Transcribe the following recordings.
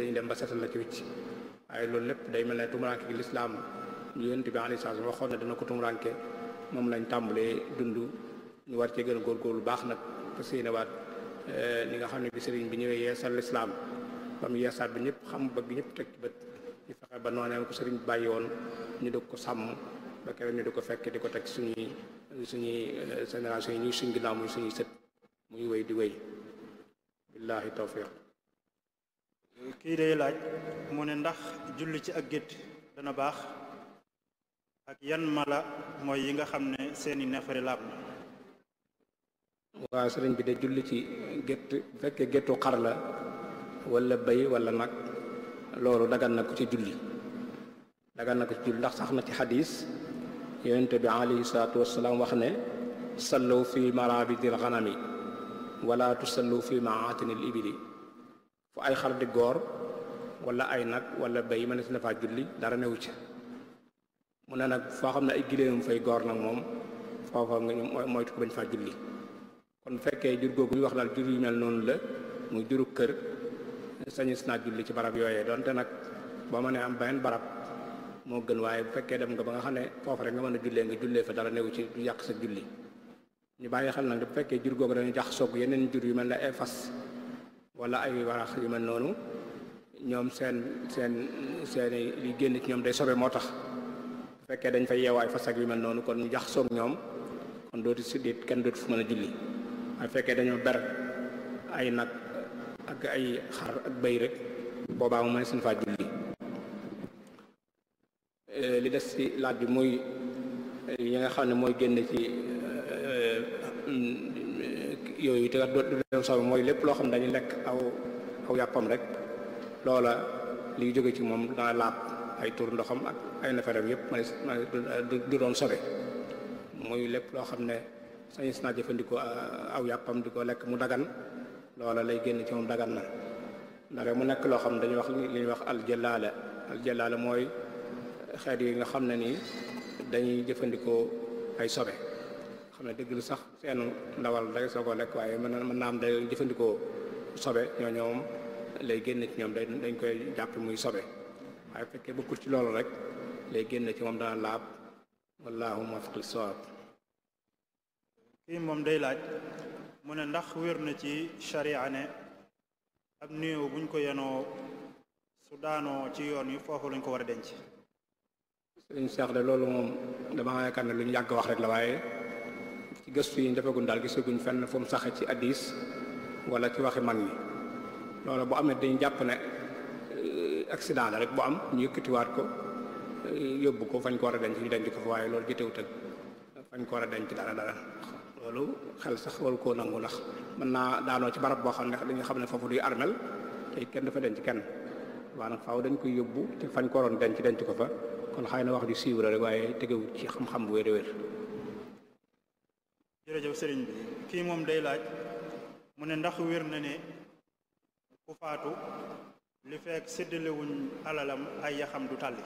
dañuy dem ba setal la ci wicc waaye loolu lépp day mel ne tumuranke gi lislaam yonent bi alayhi salaam waxoon ne dana ko tumuranke moom lañ tàmbalee dund ñu war cee gën góor a lu baax nag te séenéwaat li eh, nga xam ne bi sëriñ bi ñëwee yeesal lislaam ba mu yeesaat bi ñëpp xam ba gi ñëpp teg ci bët ñu fexe ba noonee ko seriñ bi bàyyi woon ñu dëkk ko sàmm ba keneen ñu di ko fekk di ko teg suñuy suñuy eh, génération yi ñuy suñ naa mooy suñuy sët muy wéy di wéy billaahi tawfiq kii day laaj mu ne ndax julli ci ak gétt dana baax ak yan mala mooy yi nga xam ne seeni neefare laab na waaw sëriñ bi de julli ci gétt bu fekkee géttu xar la wala bëy walla nag loolu dagan na ko ci julli dagan na ko ci julli ndax sax na ci xadis yonente bi alayhi salaatu wasalaam wax ne sallu fi marabidil ganami wala tusallu fi maatini l ibili fu ay xar di goor wala ay nag wala béy si na faa julli dara newu ci mu ne nag foo xam ne ay giléemam fay goor nag moom foofa nga ñu moytu ko bañ julli kon fekkee jur googu wax daal jur yu mel noonu la muy juru kër sañis naa julli ci barab yooyee donte nag boo mënee am beneen barab moo gën waaye bu fekkee dem nga ba nga xam ne foofa rek nga mën a jullee nga fa dara newu ci du yàq sa julli ñu bàyyi xel nag bu fekkee jur googu dañu jax soog yeneen jur yu mel ne ay fas wala ay warax yu mel noonu ñoom seen seen seen li génn ci ñoom day sobe moo tax bu fekkee dañ fay yeewaay fas ak yu mel noonu kon ñu jax soog ñoom kon dootu si déet kenn dootu fu mën a julli fekkee dañoo ber ay nag ak ay xar ak béy rek boobaa mu mën suñ faa julli eh, li des ci laaj bi muy eh, yi nga xam ne mooy génn ci eh, yooyu te du doon soobee mooy lépp loo xam ne dañuy lekk aw aw rek loola liy jóge ci moom dana laab ay tur ndoxam ak ay neferam yëpp ma du doon sobe muy lépp loo xam ne sañis naa jëfandikoo euh, aw yàppam du ko lekk mu dagan loola lay génn ci moom dagan na ndax mu nekk loo xam ne dañuy wax li ñuy wax aljalaala aljalaala mooy xeet yi nga xam ne nii dañuy jëfandikoo ay sobe xam ne dëgg sax seenu ndawal rek soo ko lekk waaye mën mën naa am day jëfandikoo sobe ñoo ñoom lay génn ci ñoom dañ koy jàpp muy sobe waaye fekkee bokkul ci loolu rek lay génn ci moom dana laab wallaahu muwaffiq li sawaab kii moom day laaj mu ne ndax wér na ci sharia ne ab néew buñ ko yenoo su daanoo ci yoon yi foofu lañ ko war a denc sëriñ Seex loolu moom dama yaakaar ne lu ñu yàgg wax rek la waaye ci gëstu yi ñu defagum daal gisaguñ fenn fu mu saxe ci addis wala ci waxi man ñi loolu bu amee dañu jàpp ne euh, accident la rek bu am ñu yëkkatiwaat ko euh, yóbbu ko fañ ko war ñu denc ko fa waaye loolu jotewut ak fañ ko denc dara dara loolu xel sax waru koo nangu ndax mën naa daanoo ci barab boo xam ne dañu xam ne foofu duy armel te dafa denc kenn waaye nag faaw dañ koy yóbbu te fañ ko waroon denc denc ko fa kon xëy na wax ju siiw la rek waaye tegewut ci xam-xam bu wér-wér jërëjëf sëriñ bi kii moom day laaj mu ne ndax wér na ne ku faatu li fekk séddalewuñ alalam ay yaxam du tàlli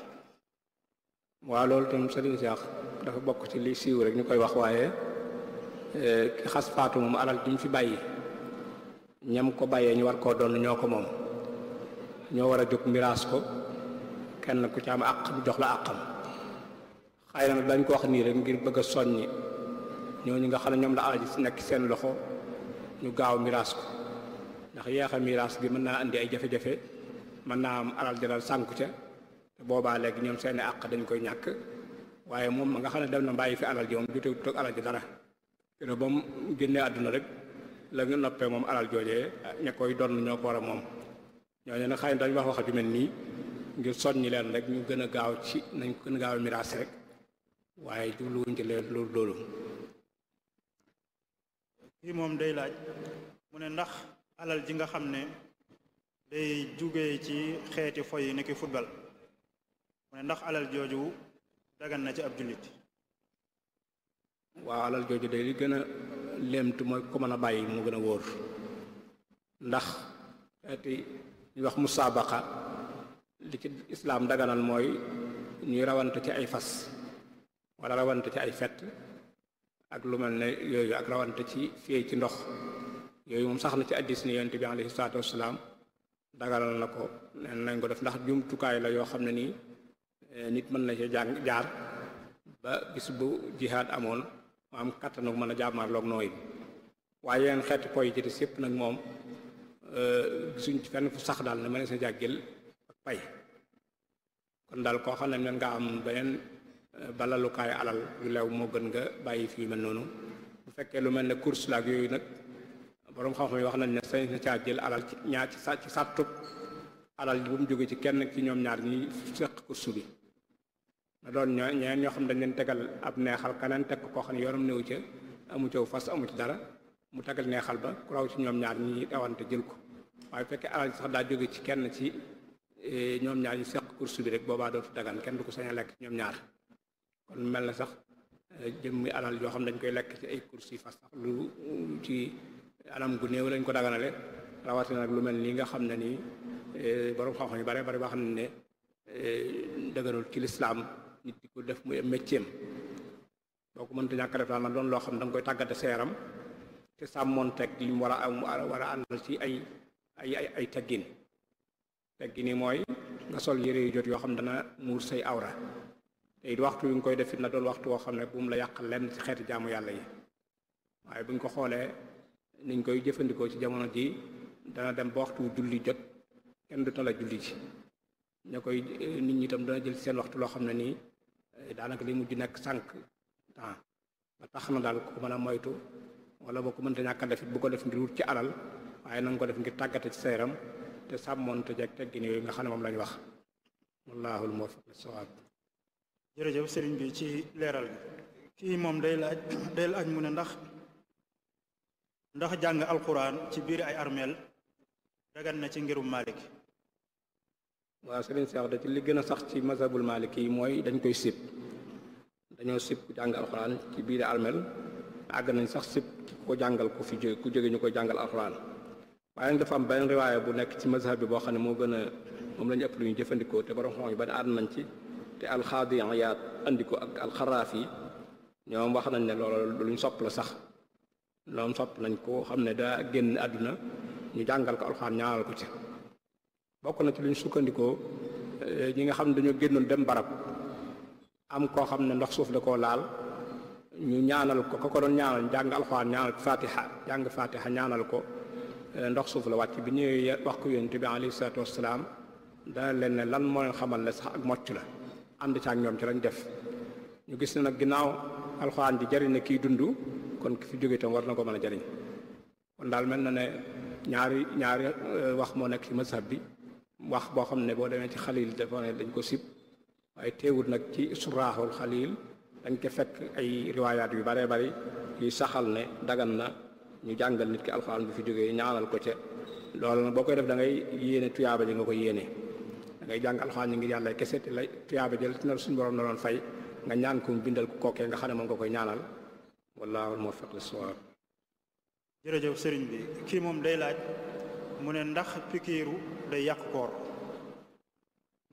waaw loolu tam sëriñ Seex dafa bokk ci li siiw rek ñu koy wax waaye eh, ki xas faatu moom alal ji fi bàyyi ñam ko bàyyee ñu war koo doon ñoo ko moom ñoo war a jóg miraas ko kenn ku ci am àq jox la àqam xëy na dañ ko wax nii rek ngir bëgg a soññi ñoo ñu nga xam ne ñoom la alal ji nekk seen loxo ñu gaaw miraas ko ndax yeex a miraas gi mën naa indi ay jafe-jafe mën naa am alal jaral sànku ca te boobaa léegi ñoom seeni àq dañ koy ñàkk waaye moom ma nga xam ne dem na bàyyi fi alal ji moom jotewut toog alal ji ba mu génnee àdduna rek la noppee moom alal joojee ña koy donn ñoo ko moom ñooñu nag xëy na dañu wax wax ju mel nii ngir soññi leen rek ñu gën a gaaw ci nañ gën a gaaw miraas rek waaye jubluwuñ ci leen loolu loolu fii moom day laaj mu ne ndax alal ji nga xam ne day jóge ci xeeti fo yi nekk football mu ne ndax alal jooju dagan na ci ab jullit waaw alal jooju day li gën a leemtu mooy ko mën a bàyyi moo gën a wóor ndax xeeti ñu wax musaabaqa li ci islaam daganal mooy ñuy rawant ci ay fas wala rawant ci ay fett ak lu mel ne yooyu ak rawante ci fii ci ndox yooyu moom sax na ci addis ni yonent bi alayhi salaatu wasalaam dagalal na ko neen nañ ko def ndax jumtukaay la yoo xam ne nii eh, nit mën na ci jàng jaar ba bis bu jihaad amoon mu am kattanu mën a jàmmarloog nooy bi waaye yeneen xeeti poy ci des yëpp nag moom eh, gisuñ ci fenn fu sax daal ne mënees na jàggil ak pay kon daal koo xam ne mën nga am beneen Euh, balalukaay alal yu lew moo gën nga bàyyi fii yu mel noonu bu fekkee lu mel ne course laak yooyu nag boroom xam-xam yi wax nañ ne sañ na caa jël alal ci ñaar ci sa ci sàttub alal ji bu mu jógee ci kenn ci ñoom ñaar ñi seq course bi na doon ñoo ñeen ñoo xam dañ leen tegal ab neexal kaneen teg koo xam ne yoonam néew ca amu ca fas amu ci dara mu tegal neexal ba ku ci ñoom ñaar ñi ewante jël ko waaye fekkee alal sax daa jóge ci kenn ci eh, ñoom ñaar ñi seq course bi rek boobaa dootu dagan kenn du ko sañ a lekk ñoom ñaar kon mel na sax eh, jëmmi alal yoo xam ne dañ koy lekk ci ay courses fas sax lu ci anam gu néew lañ ko daganale rawatina nag lu mel nii nga xam ne nii eh, borom xam-xam yu bare bare boo ne eh, dëgërul ci lislaam nit di ko def muy métier am boo ko mënta ñàkk def daal doon loo xam da nga koy tàggate seeram te sàmmoon teg li mu war a am war àndal ci ay ay ay ay teggin teggini mooy nga sol yére yu jot yoo xam dana muur say awra te waxtu wi nga koy defit na doon waxtu woo xam ne bu mu la yàq lenn ci xeeti jaamu yàlla yi waaye bu ko xoolee niñ koy jëfandikoo ci jamono ji dana dem ba waxtu julli jot kenn du tala julli ji ña koy nit ñi itam dana jël seen waxtu loo xam ne nii eh, daanaka li mujj nekk sànq temps na daal ku mën a moytu wala boo ko mënta ñàkk a bu ko def ngir ci alal waaye na nga ko def ngir tàggate ci sa yaram te sàmmoon te jeg teggin yooyu nga xam ne moom lañ wax wallaahu al muwaffiq li sawaab jërëjëf sëriñ bi ci leeral bi kii moom day laaj day laaj mu ne ndax ndax jàng alquran ci biir ay armeel dagan na ci ngirum malik waaw sëriñ Seex da ci li gën a sax ci mazhabul malik yi mooy dañ koy sib dañoo ku jàng alquran ci biir armeel àgg nañ sax sib ko jàngal ku fi jóge ku jóge ñu koy jàngal alquran waaye nag dafa am benn riwaaya bu nekk ci mazhab bi boo xam ne moo gën a moom la ñu ëpp lu ñu jëfandikoo te borom xam-xam yi ba àdd nañ ci te alxaadi yaat andi ko ak alxaraaf yi ñoom wax nañ ne loolu luñ sopp la sax ñoom sopp nañ ko xam ne daa génn àdduna ñu jàngal ko alxuraan ñaanal ko ci bokk na ci luñ sukkandikoo eh, ñi nga xam ne dañoo génnoon dem barab am koo xam ne ndox suuf la koo laal ñu ñaanal ko ko ko doon ñaanal jàng alxuraan ñaanal fatiha jàng fatiha ñaanal ko eh, ndox suuf la wàcc bi ñëwee wax ko yonent bi alayhi salaatu wassalaam dana leen ne lan moo leen xamal ne sax ak mocc la ànd caag ñoom ci lañ def ñu gis ne nag ginnaaw alxuraan ji jariñ na kii dund kon ki fi jóge tam war na ko mën a jariñ kon daal mel na ne ñaari ñaari euh, wax moo nekk ci mazhab bi wax boo xam ne boo demee ci xalil dafa ne dañ ko sib waaye teewut nag ci suraaxul xalil dañ ko fekk ay riwaayaat yu bare bari yuy saxal ne dagan na ñu jàngal nit ki alxuraan bu fi jógee ñaanal ko ca loolu nag boo koy def da ngay yéene tuyaaba ji nga ko yéene ngay jàng alxuraan yi ngir yàlla kese te lay tuyaaba jël na suñu borom na loon fay nga ñaan koom bindal ko kookee nga xam ne moom nga koy ñaanal wallaahu muwaffiq lis-sawaab jërëjëf sëriñ bi kii moom day laaj mu ne ndax pikiiru day yàq koor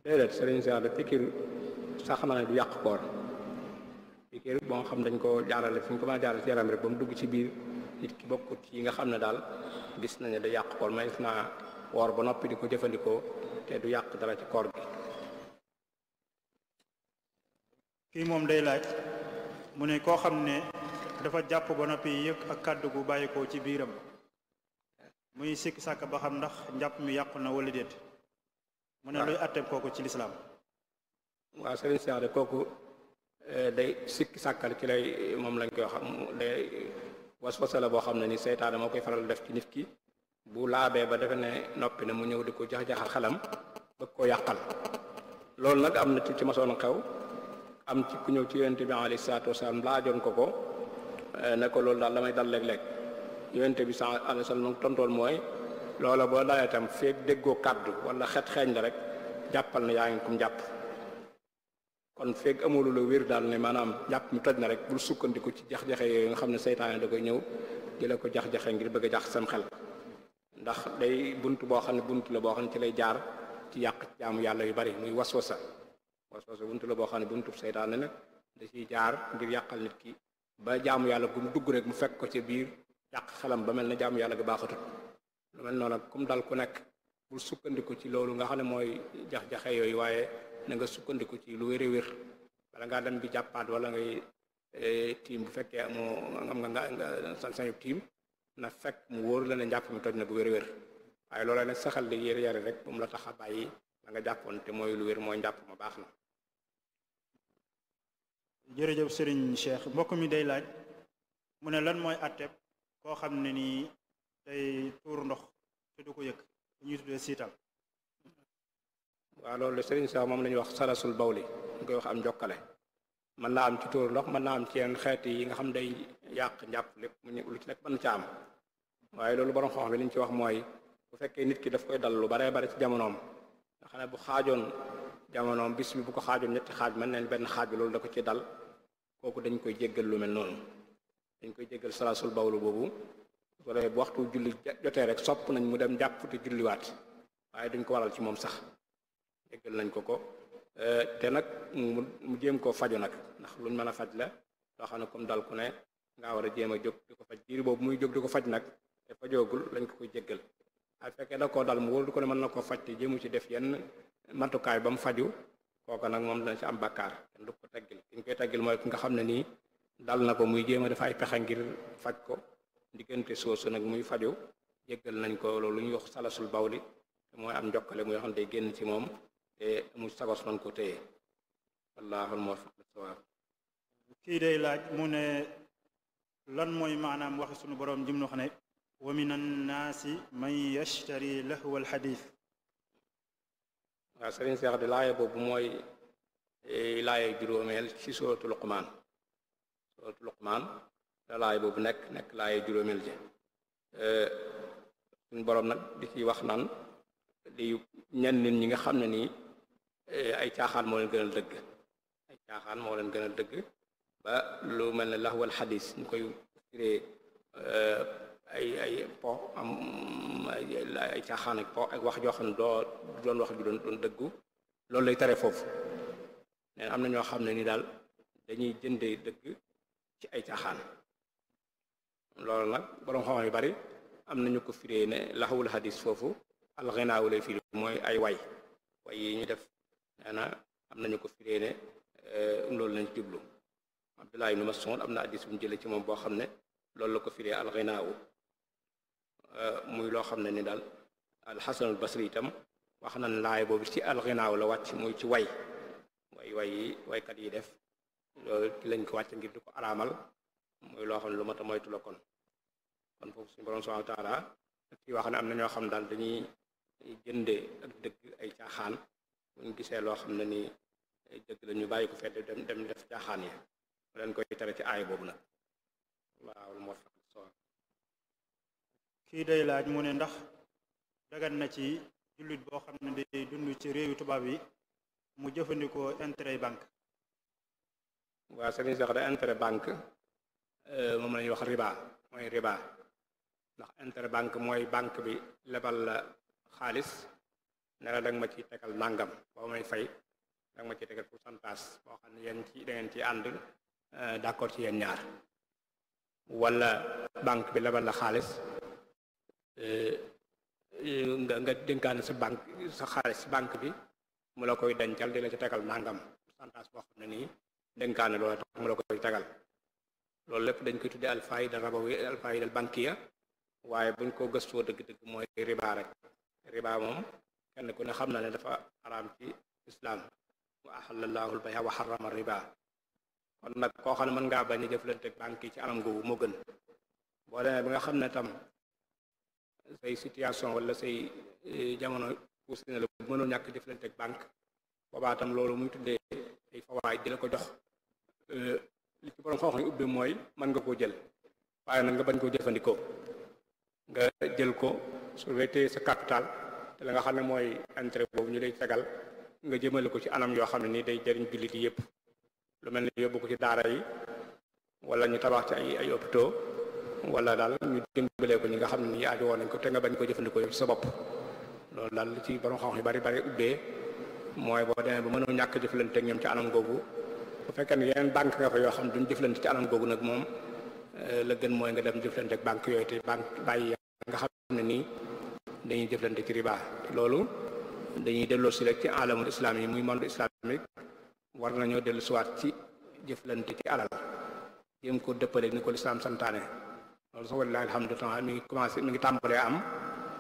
déedéet sëriñ Saar de pikiiru sax xam ne du yàq koor pikiiru boo nga xam dañ ko jaarale fu ñu ko mën a jaarale ci ko rek ba mu dugg ci biir nit ki bokkut yi nga xam ne daal gis nañu day yàq koor may naa woor ba noppi di ko jëfandikoo te du yàq dara ci koor gi kii moom day laaj mu ne koo xam ne dafa jàpp ba noppi yëg ak kàddu gu bàyyikoo ci biiram muy sikk sàkk ba xam ndax njàpp mi yàqu na wala déet mu ne luy àtteem kooku ci lislaam waaw sëriñ Seex de kooku eh, day sikk sàkkal ci lay moom lañ koy xam day waswasa la boo xam ne ni seytaane moo koy faral def ci nit ki bu laabee ba defe ne noppi na mu ñëw di ko jax-jaxal xelam bëgg koo yàqal loolu nag am na ci ci masoon xew am ci ku ñëw ci yonente bi alayhi salaatu wasalaam laajoon ko ko eh, ne ko loolu daal damay dal léeg-léeg yonente bi san alayhi salaam tontool mooy loola boo dalee tam feeg déggoo kàddu wala xet xeeñ la rek jàppal na yaa ngi kum jàpp kon feeg amulu la wér daal ne maanaam jàpp mi toj na rek bul sukkandiku ci jax-jaxe yooyu nga xam ne seytaane da koy ñëw di la ko jax ngir bëgg a jax sam xel ndax day bunt boo xam ne bunt la boo xam ne ci lay jaar ci yàq jaamu yàlla yu bari muy waswasa waswasa bunt la boo xam ne buntu seytaane nag da ciy jaar ngir yàqal nit ki ba jaamu yàlla gu dugg rek mu fekk ko ci biir yàq xelam ba mel na jaamu yàlla ga baaxatul lu mel noonu comme dal ku nekk bul sukkandiku ci loolu nga xam ne mooy jax-jaxe yooyu waaye na nga sukkandiku ci lu wér a wér bala ngaa dem bi jàppaat wala ngay eh, tiim bu fekkee amoo am nga nga sañ-sañu tiim na fekk mu wóor la ne njàpp mi toj na bu wér-wér waaye loola ne saxal di yére yare rek bu mu la tax a bàyyi la nga jàppoon te mooy lu wér mooy njàpp ma baax na. jërëjëf sëriñ Cheikh mbokk mi day laaj mu ne lan mooy atteb koo xam ne nii day tuur ndox te du ko yëg ñuy tuddee siital. waaw loolu Serigne Cheikh moom la ñuy wax salasul bawli ñu koy wax am njokkale mën naa am ci tóor ndox mën naa am ci yenn xeet yi nga xam day yàq njàpp lépp lu ci nekk mën na ca am waaye loolu borom xam-xam bi li ñu ci wax mooy bu fekkee nit ki daf koy dal lu baree bare ci jamonoom nga ne bu xaajoon jamonoom bis bu ko xaajoon ñetti xaaj mën neen benn xaaj loolu da ko ci dal kooku dañ koy jéggal lu mel noonu dañ koy jéggal salaasul bawlu boobu su ko defee bu waxtu julli jotee rek sopp nañ mu dem jàpp te julliwaat waaye dañ ko waral ci moom sax jéggal nañ ko ko Euh, te nag mu jéem koo faju nag ndax luñ mën a faj la loo xam ne comme dal ku ne ngaa war a jéem a jóg di ko faj diir boobu muy jóg di ko faj nag te fajoogul lañ ko koy jéggal ak fekkee da koo dal mu ko ne mën na koo faj te jéemu ci def yenn matukaay ba mu faju kooka nag moom dana ci am bakkaar kenn ko teggil ki ñu koy teggil mooy ki nga xam ne nii dal na ko muy jéem a def ay pexe ngir faj ko diggante soosu nag muy faju jéggal nañ ko loolu ñu wax salasul bawli te mooy am njokkale muy xam day génn ci moom te amul sagos man ko téye wallaahu muwaffiq lis-sawaab kii day laaj mu ne lan mooy maanaam wax sunu borom jim wax ne wa min annaasi man yashtari lahwa alxadiis waaw sëriñ seex di laaya boobu mooy e, laaya juróomeel ci sóotu luqmaan sóotu luqmaan la laaya boobu nekk nekk laaya juróomeel ji e, suñu boroom nag di ci wax naan di ñan nit ñi nga xam ne nii Eh, ay caaxaan moo leen gën a dëgg ay caaxaan moo leen gën a dëgg ba lu mel ne laxwal xadis ñu koy firee eh, ay ay po am ay caaxaan ak po ak wax joo ne doo doon wax ju doon doon dëggu loolu lay tere foofu nee am na ñoo xam ne nii daal dañuy jëndee dëgg ci ay caaxaan loolu nag borom xam yu bari am na ñu ko firee ne laxwul xadis foofu alxinaawu lay firi mooy ay way way yi ñu def nee na am nañu ko firee ne euh, loolu lañ jublu Abdullah ibn Mas'ud am na addis bu ñu jëlee ci moom boo xam ne loolu la ko firee alxinaawu euh, muy loo xam ne ni daal alxasanul basri itam wax na laay boobu ci alxinaaw la wàcc muy ci way way way yi waykat yi def lañ ko wàcc ngir di ko araamal muy loo lu mat a moytu la kon kon foofu suñu borom subhanahu wa taala ci wax ne am na ñoo xam daal dañuy jënde ak dëgg ay caaxaan buñ gisee loo xam ne nii dëgg la ñu bàyyi ko fedd dem dem def caaxaan yi mu leen koy tere ci aay boobu nag waaw moo tax kii dey laaj mu ne ndax dagan na ci jullit boo xam ne day dund ci réewi tubaab yi mu jëfandikoo intérêt banque waa sëriñ sax da intérêt banque euh, moom la wax riba mooy riba ndax intérêt mooy banque bi lebal la xaalis ne dang danga ma ciy tegal nangam boo may fay danga ma ciy tegal pourcentage boo xam ne yéen ci da ngeen ci ànd euh, d'accord ci yéen ñaar wala banque bi lebal la xaalis euh, nga nga dénkaane sa banque sa xaalis banque bi mu la koy dencal di la ci tegal nangam pourcentage boo xam ne nii dénkaane loola tax mu la koy tegal loolu lépp dañ koy tudde alfaayida rabawi alfaayida bankiya waaye buñ ko gëstoo dëgg-dëgg mooy riba rek riba moom kenn ku ne xam na ne dafa araam ci islaam wa ahalla llaahu l a wa harrama riba kon nag koo xam ne mën ngaa bañ a jëflante banque yi ci anam googu moo gën boo demee bi nga xam ne tam say situation wala say eh, jamono poussé na la mënoo ñàkk jëflante banque boobaa tam loolu muy tuddee ay fawaay di ko jox eh, ci borom xoox ñu ubbi mooy mën nga koo jël waaye nag nga bañ koo jëfandikoo nga jël ko su sa capital te nga xam ne mooy intérêt boobu ñu lay tegal nga jëmale ko ci anam yoo xam ne nii day jëriñ jullit yëpp lu mel ne yóbbu ko ci daara yi wala ñu tabax ci ay ay hôpitaux wala daal ñu dimbalee ko ñi nga xam ne nii aajo woon nañ ko te nga bañ ko jëfandikoo sa bopp loolu daal ci borom xam yu bari bari ubbee mooy boo demee ba mënoo ñàkk jëflante ñoom ci anam googu bu fekkee ne yeneen banque nga fa yoo xam ne duñ jëflante ci anam googu nag moom eh, la gën mooy nga dem jëflante ak banque yooyu te banque bàyyi nga xam ne nii dañuy jëflante ci riba loolu dañuy delloo si rek ci alamul islam yi muy monde islamique war nañoo dellu siwaat ci jëflante ci alal jéem ko dëppale ni ko lislaam santaane loolu sax wallaahi alhamdulilah mi ngi commencé mu ngi tàmbalee am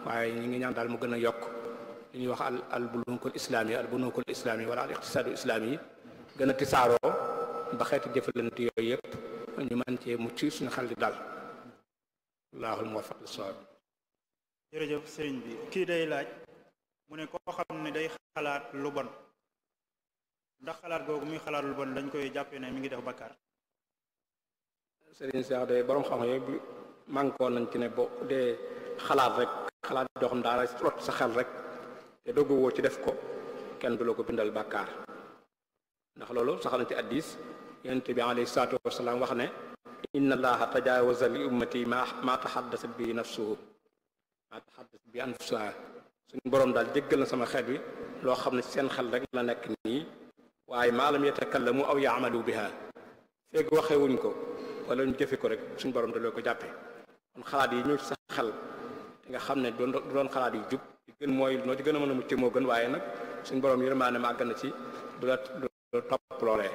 waaye ñi ngi ñaan daal mu gën a yokk lu ñuy wax al al bulunukul islaam yi al bulunukul islaam yi wala al iqtisaadu islaam yi gën a tisaaroo ba xeeti jëflante yooyu yëpp ñu mën cee mucc suñu xel di dal allahul muwaffaq jërëjëf sëriñ bi kii day laaj mu ne koo xam ne day xalaat lu bon ndax xalaat googu muy xalaat lu bon dañ koy jàppee ne mi ngi def bakkaar sëriñ Cheikh day borom xam-xam yooyu mànkoon nañ ci ne boo dee xalaat rek xalaat joo xam daal sa xel rek te doggu woo ci def ko kenn du la ko bindal bàkkaar ndax loolu sax na ci addis yonent bi alayhi salaatu wasalaam wax ne inna allaha tajaawaza li ummati ma ma taxaddasa bi nafsuhu maa taxaddis bi anfusihaa suñu boroom daal jéggal na sama xeet wi loo xam ne seen xel rek la nekk nii waaye maa la mu aw yaamalu biha feeg waxee wuñ ko wala ñu jëfe ko rek suñu boroom daloo ko jàppe kon xalaat yi ñëw ci xel nga xam ne doon doon xalaat yu jub li gën mooy noo ci gën a mën a mucc moo gën waaye nag suñ boroom yërmaane ma àgg na ci du la topp loolee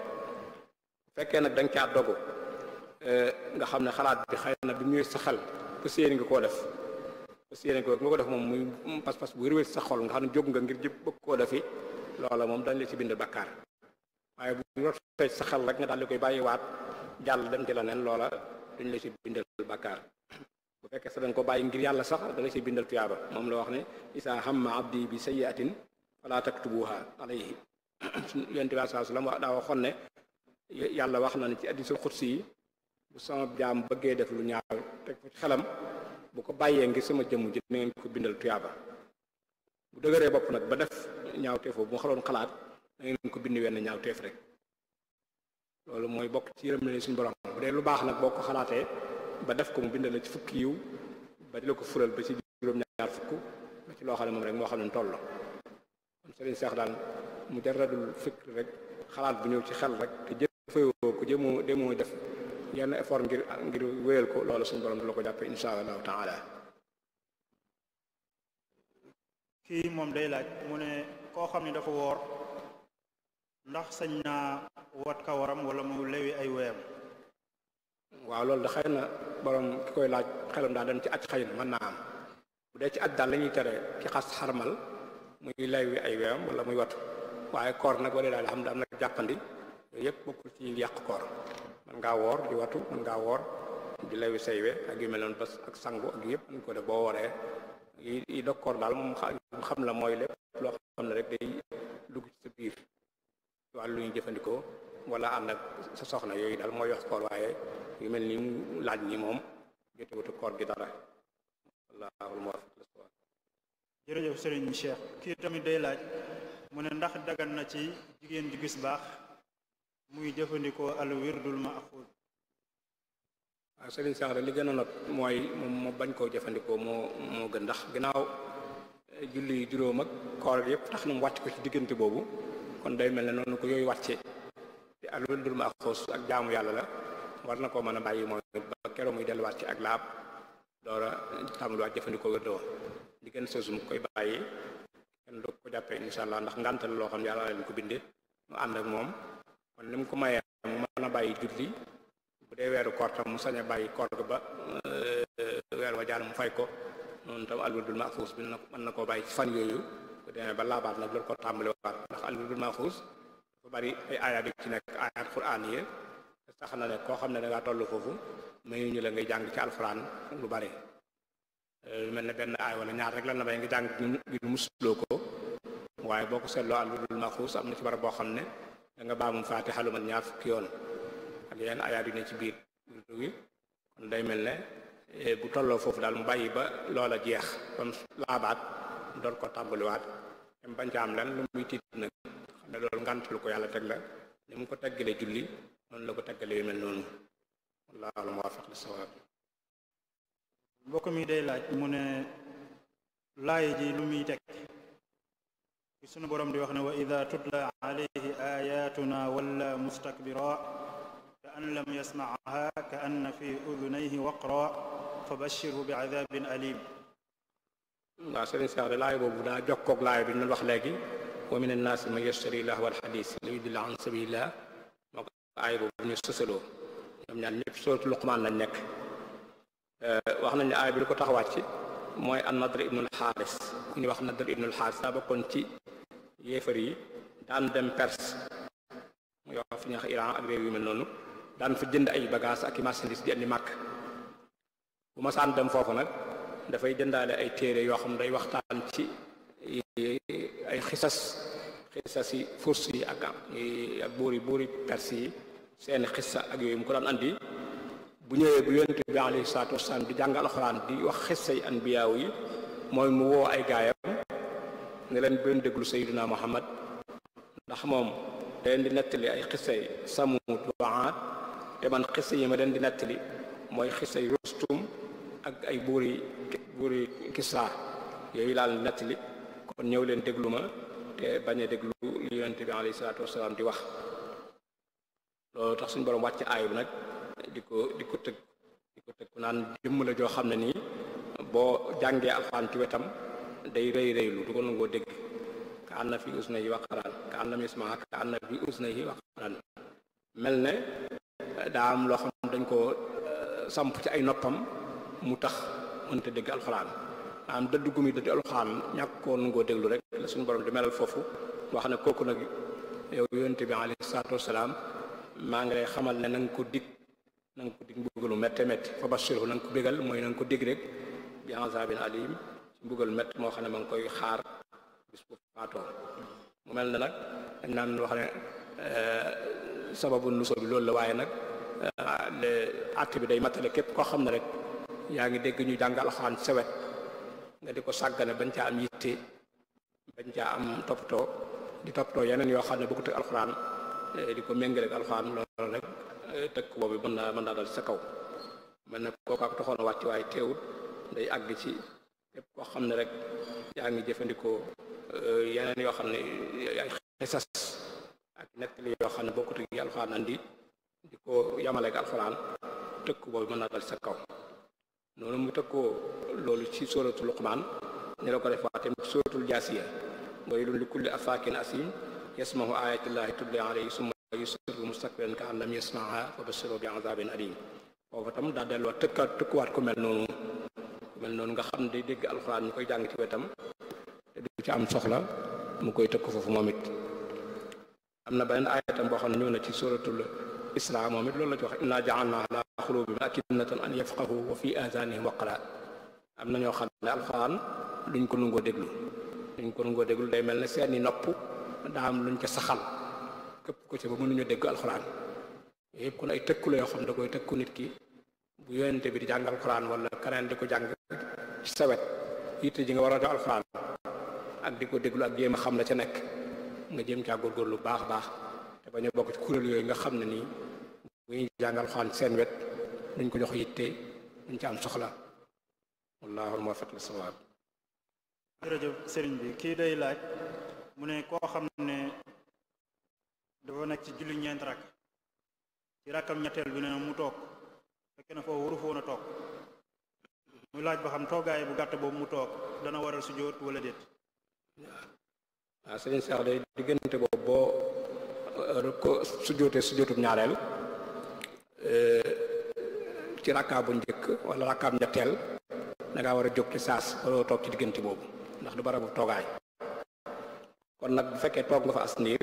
fekkee nag da nga caa dogu eh, nga xam ne xalaat bi xëy na bi ñuy sa xel ku séen nga koo def parce que yéene ko ko def moom muy pas-pas bu wér-wér sa xol nga xam jóg nga ngir jëpp bëgg koo defi loola moom dañ la ci bind bakkaar waaye bu rot fee sa xel rek nga daal di koy bàyyiwaat jàll dem ci la neen loola duñ la ci bindal bakkaar bu fekkee sa da ko bàyyi ngir yàlla sax da la ci bindal tuyaaba moom la wax ne isa hamma abdi bi sayyi'atin fala taktubuha alayhi yonent bi saa sallam daa waxoon ne yàlla wax na ne ci hadiisul xudsi yi bu sama jaam bëggee def lu ñaaw teg fa xelam bu ko bàyyee ngir suma jëmm ji na ngeen ko bindal tuyaaba bu dëgëree bopp nag ba def ñaawteef foofu bu ma xaloon xalaat na ngeen ko bind wenn ñaawteef rek loolu mooy bokk ci yërëm ne suñu borom lu baax nag boo xalaatee ba def ko mu bindal la ci fukki yiw ba di la ko fural ba ci juróom-ñaar fukk ba ci loo xam ne moom rek moo xam ne toll kon Sëriñ Seex daal mu jaradul fikr rek xalaat bu ñëw ci xel rek te jëfewoo ko jëmoo demoo def yenn effort ngir ngir wéyal ko loolu suñu borom du la ko jàppee insha allahu taala kii moom day laaj mu ne koo xam ne dafa woor ndax sañ na wat kawaram wala mu lewi ay weyam waaw loolu da xëy na borom ki koy laaj xelam daa dem ci aj xëy na mën naa am bu dee ci aj daal la tere ki xas xarmal muy lewi ay weyam wala muy watu waaye koor nag wala daal xam ne am na jàppandi yooyu yëpp bokkul ci yàq koor mën ngaa woor di wattu mën ngaa woor di lewi say we ak yu mel noonu bas ak sangu ak yëpp mën ko def boo waree yi dog koor daal moom xam la mooy lépp loo xam dugg ci sa biir wàllu lu ñu jëfandikoo wala ànd sa soxna yooyu daal mooy wax koor waaye yu mel ni laaj ni moom jotewutu koor gi dara wallaahu muwaffiq lis-sawaab jërëjëf sëriñ Cheikh kii tamit mu ne ndax dagan na ci jigéen ju gis baax muy jëfandikoo al wirdul maxuud waaw ah, sëriñ Cheikh li gën a not mooy moom mu bañ koo jëfandikoo moo moo gën ndax ginnaaw eh, julli juróom ak koor yëpp tax na mu wàcc ko ci diggante boobu kon day mel ne noonu ko yooyu wàcce te al wirdul maxuud ak jaamu yàlla la war na koo mën a bàyyi mooy ba keroog muy delluwaat ci ak laab doora tàmbaliwaat jëfandikoo wérd wa diggante soosu mu koy bàyyi kenn du ko jàppee incha ndax ngàntal loo xam yàlla leen ko bindee mu ànd ak moom kon ni mu ko mayee mu mën a bàyyi julli bu dee weeru koor mu sañ a bàyyi koor ba euh, weer wa mu fay ko noonu tam alwadul maxsuus bi mën na koo bàyyi ci fan yooyu bu demee ba laabaat nag loolu ko tàmbali waat ndax alwadul maxsuus bari ay aayaat yu ci nekk aayaat quraan yi sax na koo xam ne dangaa toll foofu mayu ñu la ngay jàng ci alxuraan lu bari euh, lu mel benn aay wala ñaar rek la may nga jàng ngir musloo ko waaye boo ko seetloo alwadul maxsuus am na ci barab boo xam ne da nga baamu faatiha lu man ñaar fukki yoon ak yenn ayaat ne ci biir wi kon day mel ne eh, bu tolloo foofu daal mu bàyyi ba loola jeex bam laabaat door ko tàmbaliwaat dem bañ ca am lan lu muy tiit nag xam ne loolu ngant ko yàlla teg la ni mu ko teggalee julli noonu la ko teggalee yu mel noonu wallaahu al muwaafiq li sawaab mbokk mi day laaj mu ne laay ji lu muy teg ci sunu borom di wax ne wa ida tutla alayhi ayatuna walla mustakbira ka an lam yasmacaha ka anna fi udunayhi waqra fa bashirhu bi adabin alim waaw sëriñ Seex de laay boobu daa jokkoog laay bi ñu wax léegi wa min annaasi man yashtari lahwa alxadis li yudilla an sabilillah moo ko aay boobu ñu sësaloo ñoom ñaar ñëpp sootu Luqmaan lañ nekk euh, wax nañ ne aay bi lu ko tax wàcc mooy an nadr ibnul xaaris ku ñu wax nadr ibnul xaaris daa bokkoon ci yéefar yi daan dem Perse mu wax fi ñu Iran ak réew yu mel noonu daan fa jënd ay bagages ak i marchandises di andi màkk bu ma saan dem foofu nag dafay jëndaale ay téere yoo xam day waxtaan ci eh, ay xisas xisas yi furs yi ak ak eh, buuri buuri Perse yi seeni xissa ak yooyu mu ko daan andi bu ñëwee bu yonent bi alayhi salaatu wasalaam di jàng alxuraan di wax xissa yi anbiyaaw yi mooy mu woo ay gaayam ne leen benn déglu sayyiduna muhammad ndax moom da di nettali ay xissa yi samut wa aad te man xissa yi ma leen di nettali mooy xissa yi rustum ak ay buuri buuri kisraa yooyu laal nettali kon ñëw leen déglu ma te bañ a déglu li yonente bi alayhi salaatu wasalaam di wax loolu tax suñ borom wàcc bi nag di ko di ko tëgg di ko tëgg naan jëmm la joo xam ne nii boo jàngee alxaan ci wetam day rëy rëylu du ko nangoo dégg ka ànd na fi usna yi waqaraan ka am na mismaa ka ànd na fi usna yi waqaraan mel ne eh, daa am loo xam dañ koo eh, samp ci ay noppam mu tax mënta dégg alxuraan am dëdd gumi dëdd alxuraan ñàkk koo nangoo déglu rek la suñu borom melal foofu wax ne kooku nag yow yonte bi alayhi salaatu wasalaam maa ngi lay xamal ne na ko dig na ko dig mbugalu métte métti fa bashirhu na ko bégal mooy na ko dig rek bi azabin alim mbugal mett moo xam ne ma ngi koy xaar bis bu faatoo mu mel na nag dañ naan wax ne euh, sababu nuso bi loolu la waaye nag euh, le àtt bi day matale képp koo xam ne rek yaa ngi dégg ñu jàng alxuraan sewet nga di ko sàggane bañ ca am yitte bañ caa am toppatoo di toppatoo yeneen yoo xam ne bëggut ak alxuraan euh, di ko méngale ak alxuraan loolu rek tëkk boobu mën naa mën naa dal sa kaw mën na kooku ak toxoon wàcc waaye teewut day àgg ci lépp koo xam ne rek yaa ngi jëfandikoo euh, yeneen yoo xam ne ay xesas ak li yoo xam ne bokkut ak alxuraan andi di ko yamale ak alxuraan tëkk boobu mën na dal sa kaw noonu mu tëkkoo loolu ci sóoratu luqmaan ne la ko defaatee sóoratul jaasiya mooy lu li kulli afaakin asim yasmahu ayatillahi tutla alayhi summa yusiru mustakbiran ka an lam yasmaha fa basiru bi azabin alim foofu tam daa delluwaat tëkkuwaat ku mel noonu mel noonu nga xam ne dégg alxuraan ñu koy jàng ci wetam te du ci am soxla mu koy tëkk foofu moom it am na beneen ayatam boo xam ne ñëw na ci suratul isra moom it loolu la ci wax inna ja'alna ala xulubihim akinnatan an yafqahu wa fi azanihim waqra am na ñoo xam ne alxuraan luñ ko nungoo déglu duñ ko nungoo déglu day mel ne seeni nopp daa am luñ ko saxal képp ko ci ba ñu dégg alxuraan yëpp kon ay tëkku la yoo xam da koy tëkku nit ki bu yonente bi di jàng alxuraan wala keneen di ko jàng sawet yitte ji nga war a jox alxuraan ak di ko déglu ak jéem a xam la ca nekk nga jéem caa góorgóor lu baax baax te bañ bokk ci kuréel yooyu nga xam ne ni bu ñuy jàng alxuraan seen wet duñ ko jox yitte duñ ca am soxla wallaahu muwaffiq li sawaab jërëjëf sëriñ bi kii day laaj mu ne koo xam ne dafa nekk ci julli ñeent rakk ci rakkam ñetteel bi nee na mu toog fekkee na foofu waru foon a toog muy laaj ba xam toogaay bu gàtt boobu mu toog dana waral sujjóot wala déet waaw sëriñ Seex day diggante boobu boo euh, ko sujjóotee sujjóotub ñaareel euh, ci rakkaa bu njëkk wala rakkaab ñetteel war a jóg ci ci diggante boobu ndax du barabu toogaay kon nag bu fekkee toog nga fa as niir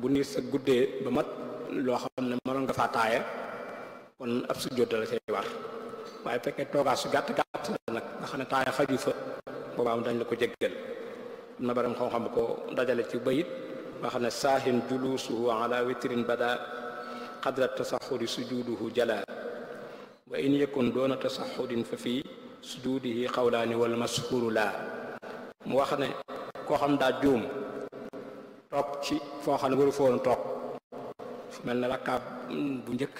bu niir sa guddee ba mat loo xam ne mënoon nga faa taaye kon ab sujjóot la cay war waaye fekkee toogaas su gàtt gàtt la nag nga xam ne taaya xaju fa boobaam dañ la ko jéggal am na baram xam-xam ko dajale ci bayit nga xam ne saahin julusuhu ala witrin bada qadra tasaxuri sujuduhu jala wa in yakun doona tasaxurin fa fii sujudihi xawlaani wal mashuru laa mu wax ne koo xam daa juum toog ci foo xam ne waru foon toog mel na rakkaab bu njëkk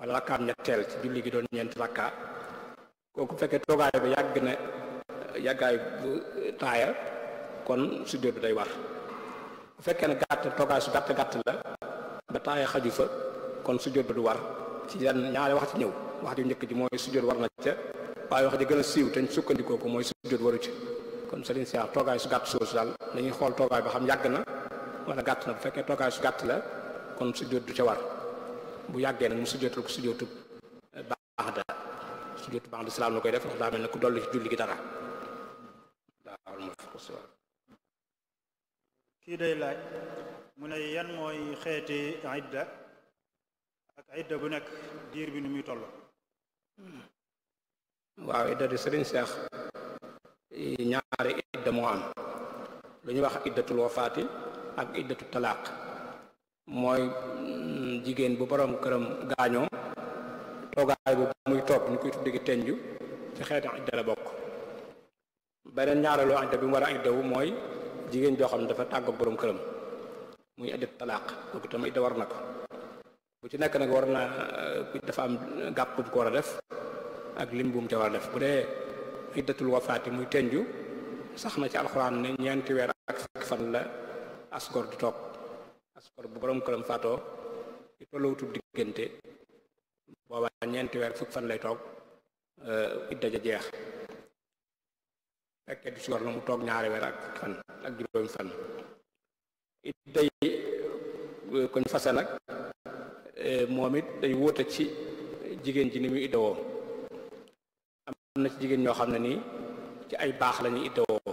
wala rakkaam teel ci julli gi doon ñeenti rakka kooku fekkee toogaay ba yàgg na yàggaay bu taaya kon sujjóot bi day war bu fekkee ne gàtt toogaay su gàtt gàtt la ba taaya xaju fa kon sujjóot bi du war ci yan ñaari wax ñëw wax ju njëkk ji mooy sujjóot war na ca waaye wax ji gën a siiw te sukkandikoo ko mooy sujjóot waru ci kon Serigne Cheikh toogaay su gàtt soosu daal dañuy xool toogaay ba xam yàgg na wala gàtt na bu fekkee toogaay su gàtt la kon su sujjóot du ca war bu yàggee nag mu sujjootul sujjootu eh, baax da sujjootu baax da salaam la koy def ndax daa mel ne ku dolli ci julli gi dara kii day laaj mu ne yan mooy xeeti idda ak idda bu nekk diir bi nu muy toll hmm. waaw idda di sëriñ seex ñaari idda moo am lu ñuy wax iddatul wafaati ak iddatu talaaq mooy jigéen bu borom këram gaañoo toogaay bu muy toog ñu koy tuddee tenju ci xeeti idda la bokk beneen ñaareelu idda bi mu war a iddawu mooy jigéen joo xam ne dafa tàgg boroom këram muy iddat talaaq kooku itam idda war na ko bu ci nekk nag war na euh, dafa am gàpp bu ak lim bu mu ca bu dee iddatul wafaati muy tenju sax na ci alxuraan ne ñeenti weer ak fan la asgor di toog asgor bu borom këram faatoo ci tolluwutub diggante boobaa ñeenti weer fukk fan lay toog euh, idda jeex fekkee du si war la mu toog ñaari weer ak fukki fan ak juróomi fan idda yi euh, koñ fase nag euh, moom it day wóote ci jigéen ji ni muy iddawoo am na ci jigéen ñoo xam ne nii ci ay baax la ñuy iddawoo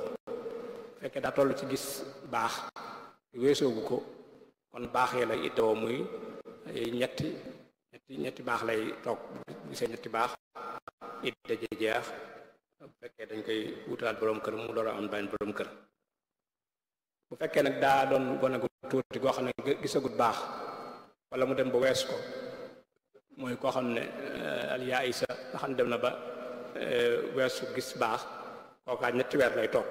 fekkee daa toll ci gis baax weesoogu ko kon baax yi lay iddawoo muy ñetti ñetti ñetti baax lay toog gisee ñetti baax it daje jeex bu fekkee dañ koy wutalaat boroom kër mu door a am benn boroom kër bu fekkee nag daa doon gone gu tuuti goo xam ne gisagut baax wala mu dem ba wees ko mooy koo xam ne eh, aliyaa isa xam ne dem na ba eh, weesu gis baax kookaa ñetti weer lay toog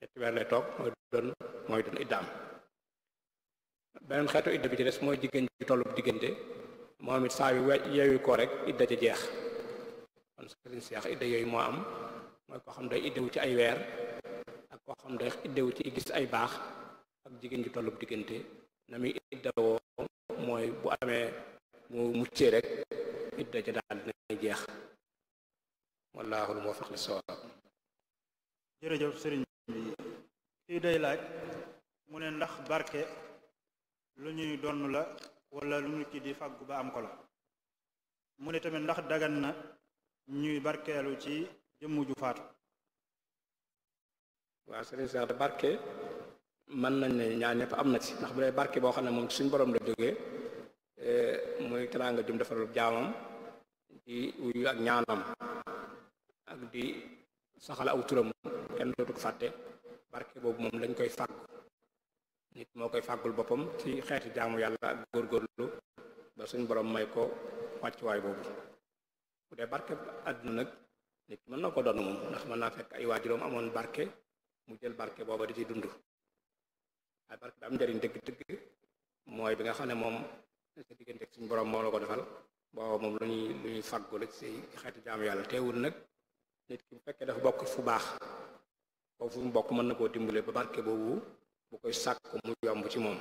ñetti weer lay toog mooy doon mooy doon iddaam beneen xeetu idda bi ci des mooy jigéen ji tollu diggante moom it saa yu we yeewu ko rek idda ci jeex kon sëriñ Seex idda yooyu moo am mooy koo xam day iddewu ci ay weer ak koo xam day iddewu ci gis ay baax ak jigéen ji tollu diggante na muy idda woo mooy bu amee mu muccee rek idda ci daal dina jeex wallaahul muwaffiq li sawaab jërëjëf sëriñ bi kii day laaj mu ne ndax barke lu ñuy donn la walla lu ñu ci di fàggu ba am ko la mu ne tamit ndax dagan na ñuy barkeelu ci jëmm ju faatu waaw sëriñ Seex de barke mën nañ ne ñaar ñëpp am na ci ndax bu dee barke boo xam ne moom suñ borom la jógee eh, muy teraanga jum defaral jaamam di wuyu ak ñaanam ak di saxal aw turam kenn dootu ko fàtte barke boobu moom lañ koy fàggu nit moo koy fàggul boppam ci xeeti jaamu yàlla ak góorgóorlu ba suñ boroom may ko wàccuwaay boobu bu dee barke àdduna nag nit mën na ko doon moom ndax mën naa fekk ay waajuroom amoon barke mu jël barke boobu di ci dund waaye am njëriñ dëgg dëgg mooy bi nga xam ne moom sa diggante borom moo la ko defal booba moom lu ñuy lu ñuy fàggu la ci xeetu jaamu yàlla teewul nag nit ki bu fekkee dafa bokk fu baax foofu mu bokk mën na koo dimbale ba barke boobu bu koy sàkk mu yomb ci moom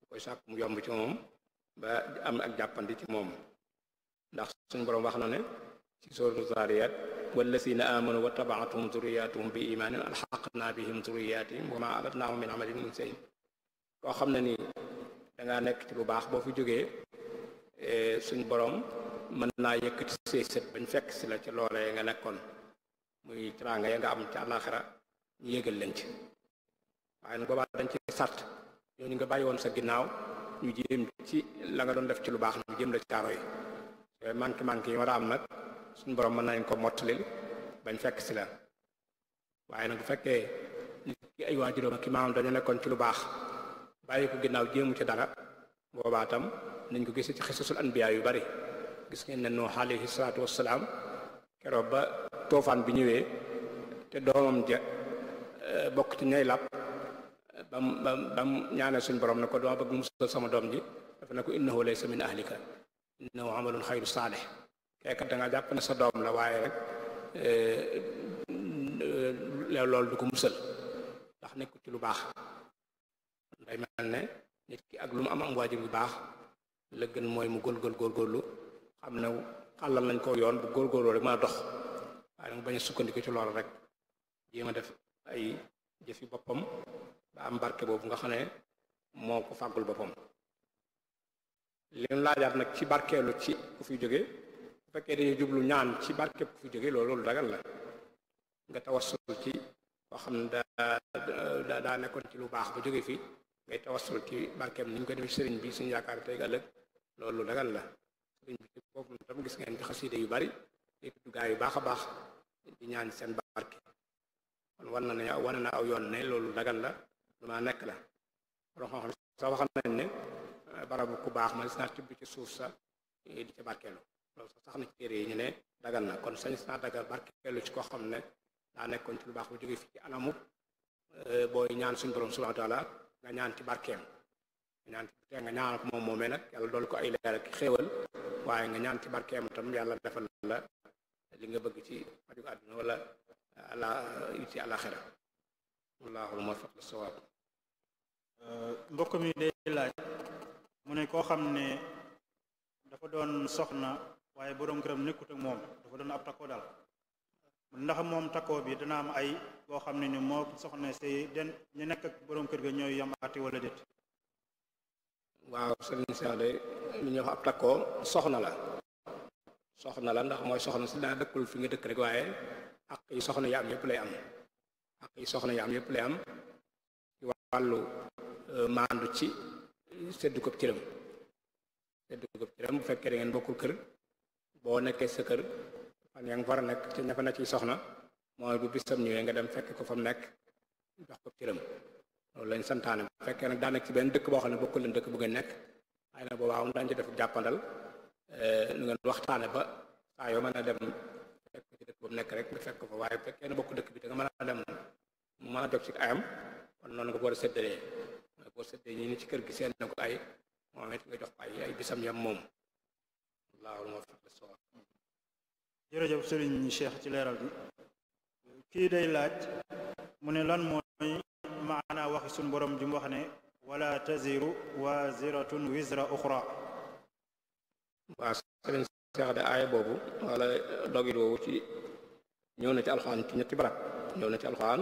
bu koy mu yomb ci moom ba am ak jàppandi ci moom ndax suñ borom wax na ne ci sóoratu zaariyaat wallazina amanu wa tabaatuhum zuriyatuhum bi imaanin alxaqna bihim zuriyatihim wa ma alatnahum min amalin min shay koo xam ne nii dangaa nekk ci lu baax boo fi jógee eh, suñ borom mën naa yëkkati say sët bañ fekk si la ci loolee nga nekkoon muy teraanga ya nga am ci àllaaxira ñu yëgal leen ci waaye nag boobaa dañ ci sart ñooñu nga bàyyi woon sa ginnaaw ñu jéem ci la doon def ci lu baax ñu jéem la ci taaro manqué manqué yi war a am nag suñu borom mën nañ ko mottalil bañ fekk si la waaye nag bu fekkee nit ki ay waajuram ak maamam dañu nekkoon ci lu baax bàyyi ko ginnaaw jéemu ci dara boobaa tam ko gisee ci xisasul anbiya yu bari gis ngeen ne Nuux alayhi salaatu wassalaam keroog ba toofaan bi ñëwee te doomam ja eh, bokk ci ñay làpp bam bam bam ñaanal suñ borom na ko dama bëgg musal sama doom ji dafa ne ko innahu laysa min ahlika innahu amalun xayru saalih keekat da nga jàpp ne sa doom la waaye rek eh, loolu du ko musal ndax nekkul ci lu baax day mel ne nit ki ak lu mu am am waajur bu baax la gën mooy mu góorgóor góorgóorlu xam ne xàllam nañ ko yoon bu góorgóorlu rek mën a dox waaye danga bañ a sukkandiku ci loolu rek jéem a def jëfi boppam ba am barke boobu nga xam ne moo ko fàggul boppam li mu laajaat nag ci barkeelu ci ku fi jóge bu fekkee dañuy jublu ñaan ci barke ku fi jóge loolu loolu dagal la nga tawassul ci koo xam ne daa daa nekkoon ci lu baax ba jóge fi ngay tawassul ci barkeem ni ñu ko def sëriñ bi suñ yaakaar tey ëllëg loolu dagal la sëriñ bi boobu tam gis ngeen ci xaside yu bari di tudd yu baax a baax di ñaan seen barke kon war na ne war na aw yoon ne loolu dagal la lu ma nekk la borom xam-xam sax waxam ne eh, barabu ku baax ma naa tibb ci suuf sax eh, di ci barkeelu loolu sax na ci téere yi ñu ne dagan na kon sañ naa dagal barkeelu ci koo xam ne daa nekkoon ci lu baax bu jógee fii ci anamu eh, booy ñaan suñ borom subhanahu wa taala nga ñaan ci barkeem nga ñaan ci nga ñaanal ko moom moomee nag yàlla doolu ko ay leer ak xéewal waaye nga ñaan ci barkeem itam yàlla defal la li nga bëgg ci faju àdduna wala ala ci àlaxira wallaahul muwaffiq li sawaab euh, mbokk mi day laaj mu ne koo xam ne dafa doon soxna waaye boroom këram nekkut ak moom dafa doon ab takkoo daal ndax moom takkoo bi dana am ay boo xam ne ni moo soxna si den ñu nekk ak boroom kër ga ñooy yam ati wala déet waaw sëriñ Seex de lu ñuy wax ab takkoo soxna la soxna la ndax mooy soxna si daa dëkkul fi nga dëkk rek waaye ak yi soxna yi am yépp lay am ak yi soxla yi am yépp lay am ci wàllu euh, maandu ci seddu ko cëram seddu ko cëram bu fekkee da ngeen bokkul kër boo nekkee sa kër fan yaa ngi war a nekk te ña fa nekk ci soxna mooy bu bisam ñëwee nga dem fekkee ko fa mu nekk jox ko cëram loolu lañ santaane ba fekkee nag daa nekk ci benn dëkk boo xam ne bokkul leen dëkk bu ngeen nekk xëy na boobaa am daañu ci def jàppandal euh, nu ngeen waxtaane ba saa yoo mën a dem dëkk bu nekk rek nga fekk fa waaye bu fekkee ne bokk dëkk bi da nga a dem mën a dog ci ayam kon noonu nga ko war a séddalee mooy boo séddalee ñi ci kër gi seen na ko ay moom it nga jox ko ay ay bisam yam moom wallaahu ma fi soo jërëjëf sëriñ Cheikh ci leeral bi kii day laaj mu ne lan mooy maanaa waxi suñ borom ji wax ne wala taziru waziratun wizra uxra seex de aaya boobu wala dogit woowu ci ñëw na ci alxuraan ci ñetti barab ñëw na ci alxuraan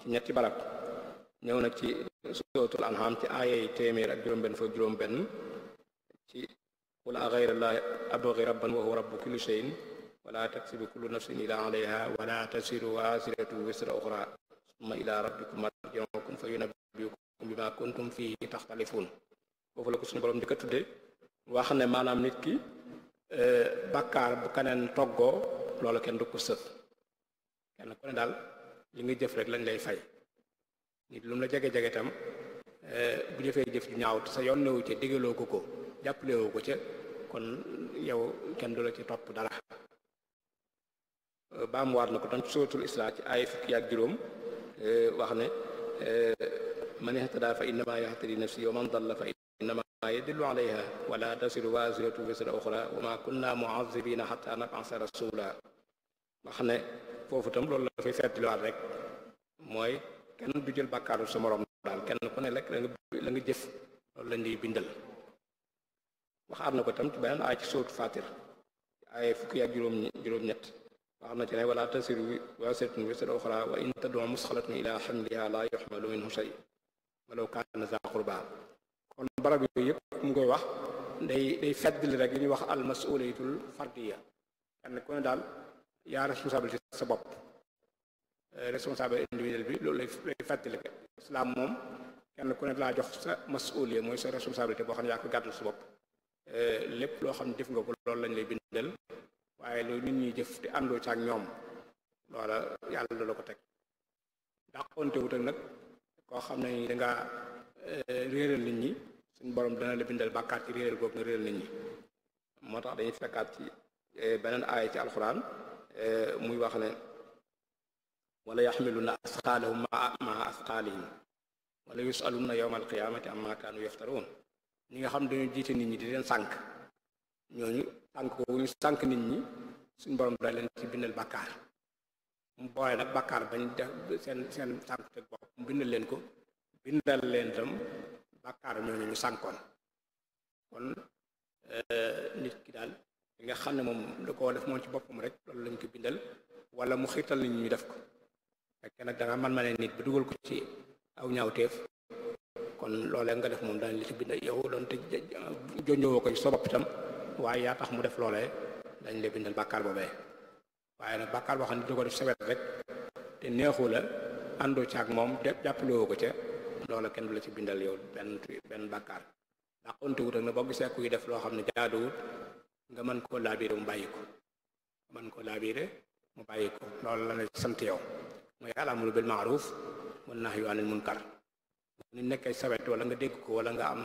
ci ñetti barab ñëw na ci suratul anham ci aaya yi ak juróom-benn fukk juróom-benn ci qul a ghayrallaahi abghi rabban wa huwa rabbu kulli shay'in wala a kullu nafsin illa alayha wala tasiru waasiratu wisra uxra summa ila rabbikum marji'ukum fa yunabbi'ukum bima kuntum fihi taxtalifuun foofu la ko suñu borom di tudde wax maanaam nit Euh, bakkaar bu keneen toggoo loolu kenn du ko sëf kenn ku ne daal li nga jëf rek lañ lay fay nit lu mu la jege jege tam euh, bu jëfee jëf ju ñaaw sa yoon newu ca digaloo ko ko jàppalewu ko ca kon yow kenn du la ci topp dara euh, baamuwaat na ko tam suuratul Israa ci ay fukki ak juróom wax ne man ihtadaa fa innamaa yahtadii nafsihi wa man dalla fa innama yadillu alayha wala tasiru waziratun wisra uxra wa ma kunna muazibina xata nabasa rasula nga xam ne foofu tam loolu la fay fettliwaat rek mooy kenn du jël bàkkaaru sa morom daal kenn ku ne rek la nga la nga jëf loolu lañ lay bindal waxaat na ko tam ci beneen aay ci sóotu fatir ay fukki ak juróom juróom-ñett wax na ci ne wala tasiru wasiratun wisra uxra wa in tad'u musxalatun ila xamliha la yuxmalu minhu shay walaw kaana za qurba kon barab yooyu yëpp mu koy wax day day feddli rek li ñuy wax al masuliyatul fardiya kenn ku ne daal yaa responsabilité sa bopp euh, responsable individuel bi loolu lay lay feddli ko islaam moom kenn ku ne laa jox sa masuliya mooy sa responsabilité boo xam ne yaa ko gàddul sa bopp euh, lépp loo xam ne jëf nga ko loolu lañ lay bindal waaye loolu nit ñuy jëf te àndoo ci ak ñoom loola yàlla la ko teg dàqonte wut nag koo xam ne dangaa Eh, réeral nit ñi suñ borom dana la bindal bàkkaat ci réeral googu nga réeral nit ñi moo tax dañuy fekkaat ci eh, beneen aaya ci alxuraan eh, muy wax ne wala yaxmiluna asqaalahum maa asqaalihim wala yusaluna yowma alqiyaamati amma kaanu yaftaroon ñi nga xam dañu jiite nit ñi di leen sànk ñooñu sànk ko ñu sànk nit ñi suñ borom da leen ci bindal bàkkaar mu boole nag bàkkaar bañ def seen seen sànk te bopp mu bindal leen ko bindal leen tam bàkkaar ñooñu ñu sànkoon kon eh, nit ki daal li nga xam ne moom da koo def moom ci boppam rek loolu lañ ko bindal wala mu xiital nañ ñu def ko fekkee nag da man ma ne nit bi dugal ko ci aw ñaawteef kon loolee nga def moom daan li ci bind yow doon te jonjowoo ko ci sa waaye yaa tax mu def loolee dañ lay bindal bàkkaar boobee waaye nag bàkkaar boo xam ne da ko def sawet rek te neexu la àndoo ci ak moom jàppaloo ko ca loola kenn du la ci bindal yow benn benn bàkkaar dàqonte wut ak na boo gisee kuy def loo xam ne jaaduwut nga mën koo laabiré mu bàyyi ko mën koo laabiré mu bàyyi ko loolu la na sant yow mooy al amru bil maaruf wan nahyu anil munkar ni nekkee sawet wala nga dégg ko wala nga am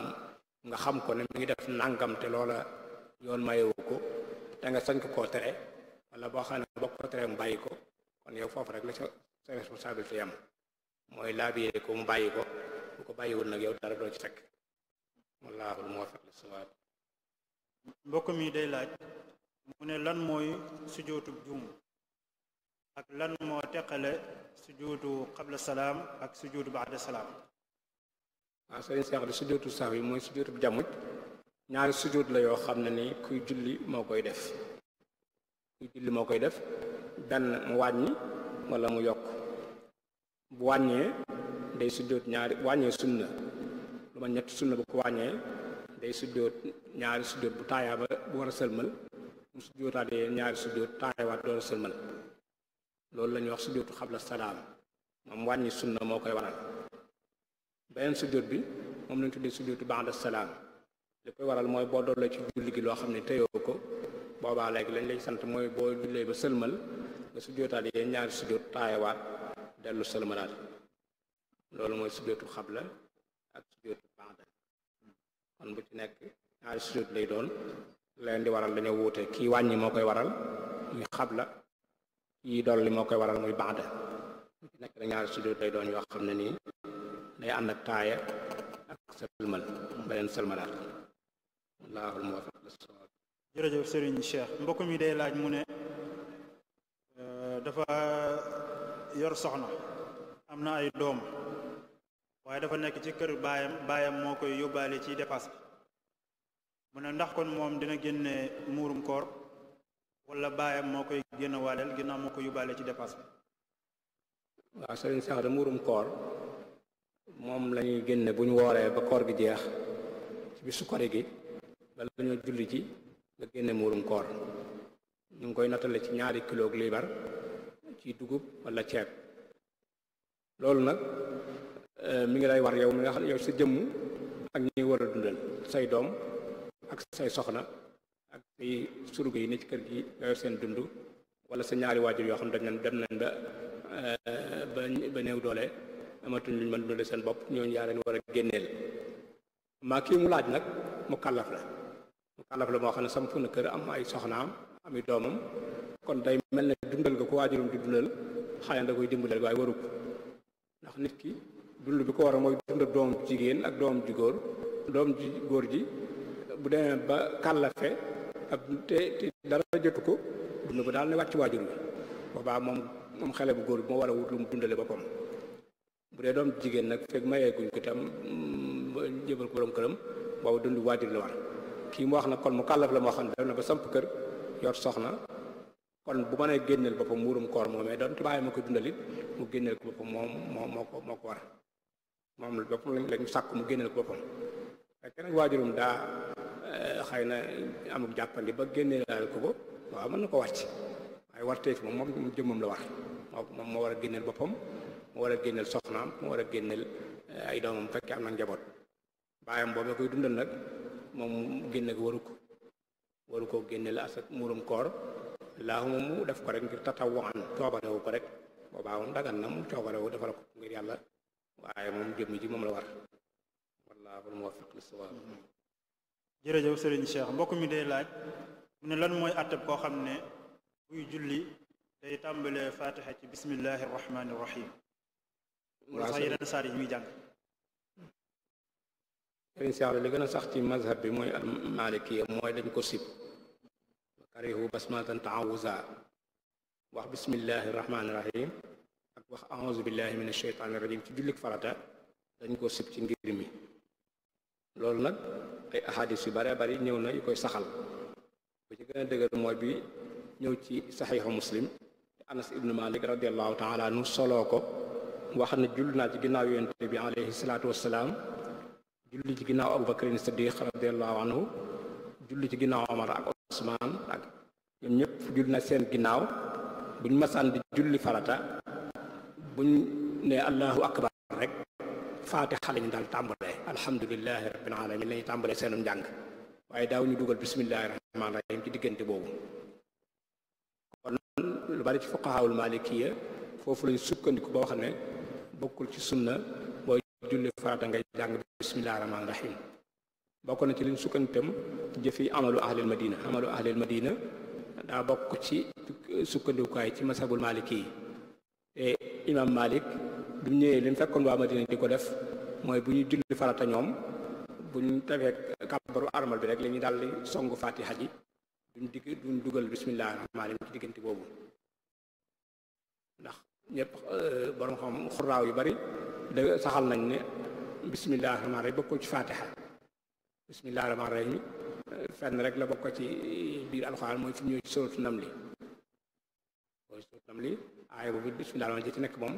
nga xam ko ne mu ngi def nangam te loola yoon mayewu ko te nga sañ ko koo tere wala boo xam ne boo ko teree mu bàyyi ko kon yow foofu rek la sa responsabilité am mooy laabiré ko mu bàyyi ko ku ko bàyyiwul nag yow dara doo ci fekk wallaahul muwaffiq li sawaab mbokk mi day laaj mu ne lan mooy sujootu juum ak lan moo teqale sujootu qabla salaam ak sujootu baada salaam waaw sooy Seex di sujootu saaw yi mooy sujootu jamuj ñaari sujoot la yoo xam ne ni kuy julli moo koy def kuy julli moo koy def benn mu wàññi wala mu yokk bu wàññee day sujjóot ñaari wàññee sunna lu ma ñetti sunna bu ko wàññee day sujjóot ñaari sujjóot bu taayaa ba bu war a sëlmal mu sujjóotaatee ñaari sujjóot taayawaat door a loolu la ñuy wax sujjóotu xabla salaam moom wàññi sunna moo koy waral beneen sujjóot bi moom lañ tuddee sujjóotu ba'da salaam li koy waral mooy boo doollee ci loo xam ne tëyoo ko boobaa léegi lañ sant mooy boo ba sëlmal nga sujjóotaat yee ñaari sujjóot taayawaat dellu sëlmalaat loolu mooy sujootu xabla ak sujootu baada kon bu ci nekk ñaari sujoot lay doon leen di waral dañoo wuute kii wàññi moo koy waral muy xabla kii dolli moo koy waral muy baada bu ci nekk da ñaari sujoot lay doon yoo xam ne nii day ànd ak taaya ak sëlmal beneen sëlmalaat jërëjëf sëriñ Cheikh mbokk mi day laaj mu ne euh, dafa yor soxna am na ay doom waaye dafa nekk ci kër baayam baayam moo koy yóbbaale ci dépasse bi mu ne ndax kon moom dina génne muurum koor walla baayam moo koy génn waaleel ginnaaw moo koy yóbbaale ci dépasse bi waaw sëriñ Seex da muurum koor moom lañuy génne bu ñu wooree ba koor gi jeex ci bisu kori gi ba ñoo julli ji nga génne muurum koor ñu ngi koy nattale ci ñaari kilo liibar ci dugub walla ceeb loolu nag Euh, mi ngi lay war yow mi nga xam ne yow sa jëmm ak ñi war a dundal say doom ak say soxna ak say surga yi nit kër gi yow seen dund walla sa ñaari waajur yoo xam dañ nañ dem nañ ba euh, ba néew doole amatuñ luñ mën dundale seen bopp ñooñu yaa leen war a génneel maa kii mu laaj nag mu kàllaf la mu kàllaf la moo xam ne samp na kër am ay soxnaam ami doomam kon day mel ne dundal nga ko waajurum di dundal xëy na da koy dimbale waaye waru ndax nit ki dund bi ko war a mooy dund doom jigéen ak doom ju góor doom ji góor ji bu demee ba kàllafe ak te te dara jotu ko dund ba daal ne wàcc waajur bi boobaa moom moom xale bu góor bi moo war wut lu mu dundale boppam bu dee doom jigéen nag fekk mayee guñ ko tam jébal ko borom këram boobu dund waajur la war kii mu wax na kon mu kàllaf la moo xam ne dem na ba samp kër yor soxna kon bu mënee génneel boppam muurum koor moomee doon te bàyyi ma ko dundalit mu génneel ko boppam moom moo moo ko moo ko war moom lu bopp lañu sàkk mu génneel ko boppam fekkee nag waajurum daa eh, xëy na amul jàppandi ba génneel ko ko waaw mën na ko wàcc waaye wartee fi moom moom jëmmam la war moom moo war a génneel boppam moo war a génneel soxnaam moo war a génneel eh, fekkee am na njaboot baayam boobu koy dundal nag moom génne ko waru ko waru koo génneel asak muurum koor laahu moom mu def ko rek ngir tatawu an coobarewu ko rek boobaa moom dagan na mu coobarewu defal ko ngir yàlla waaye moom jëmm ji moom la war wallaahu al-muwaffiq lis sëriñ Cheikh mbokk mi day laaj mu lan mooy àttab koo xam ne buy julli day tàmbalee faatiha ci bismillahi rahmaani rahim wala sax yeneen saar yi a sax ci mazhab bi mooy al ko sib karihu basmatan taawuza wax bismillahi ak wax aouzu billahi min asheytaani rajim ci jullik farata dañ koo sib ci ngir mi loolu nag ay ahadis yu bare bari ñëw na yu koy saxal bu ci gën a dëgër mooy bi ñëw ci saxiixu muslim te anas ibnu malik radiallahu taala anu soloo ko wax na jull naa ci ginnaaw yonente bi alayhi salaatu wassalaam julli ci ginnaaw abu bakrin siddiq radiallahu anhu julli ci ginnaaw omar ak osmaan ak ñëpp julli na seen ginnaaw buñ masaan di julli farata bu ñu ne allahu akbar rek faatixa lañu daal tàmbalee alhamdulilahi rabbil alamin lañu tàmbalee seenum njàng waaye daawuñu dugal bismillahi rahmaani rahim ci diggante boobu kon lu bari ci malikiya foofu lañu sukkandiku ba wax ne bokkul ci sunna booy julli farata ngay jàng bismillahi rahmaani rahim bokk na ci liñ sukkanditam jëfi amalu ahlil madina amalu ahlil madina daa bokk ci sukkandikukaay ci masabul maliki yi imam malik bi ñëwee li mu fekkoon waa madina di ko def mooy bu ñu julli farata ñoom bu ñu tefee kàbbaru armal bi rek la daal di songu fatiha ji duñ digg duñ dugal bismillahi rahmaani rahim ci diggante boobu ndax ñëpp euh, yu bari da nañ ne bismillahi rahmaani rahim ci fatiha bismillahi rahmaani rahim fenn rek la bokk ci biir alxuraan mooy fi ñëw ci suratu namli tam li aaya boobu bismillah ma ci nekk moom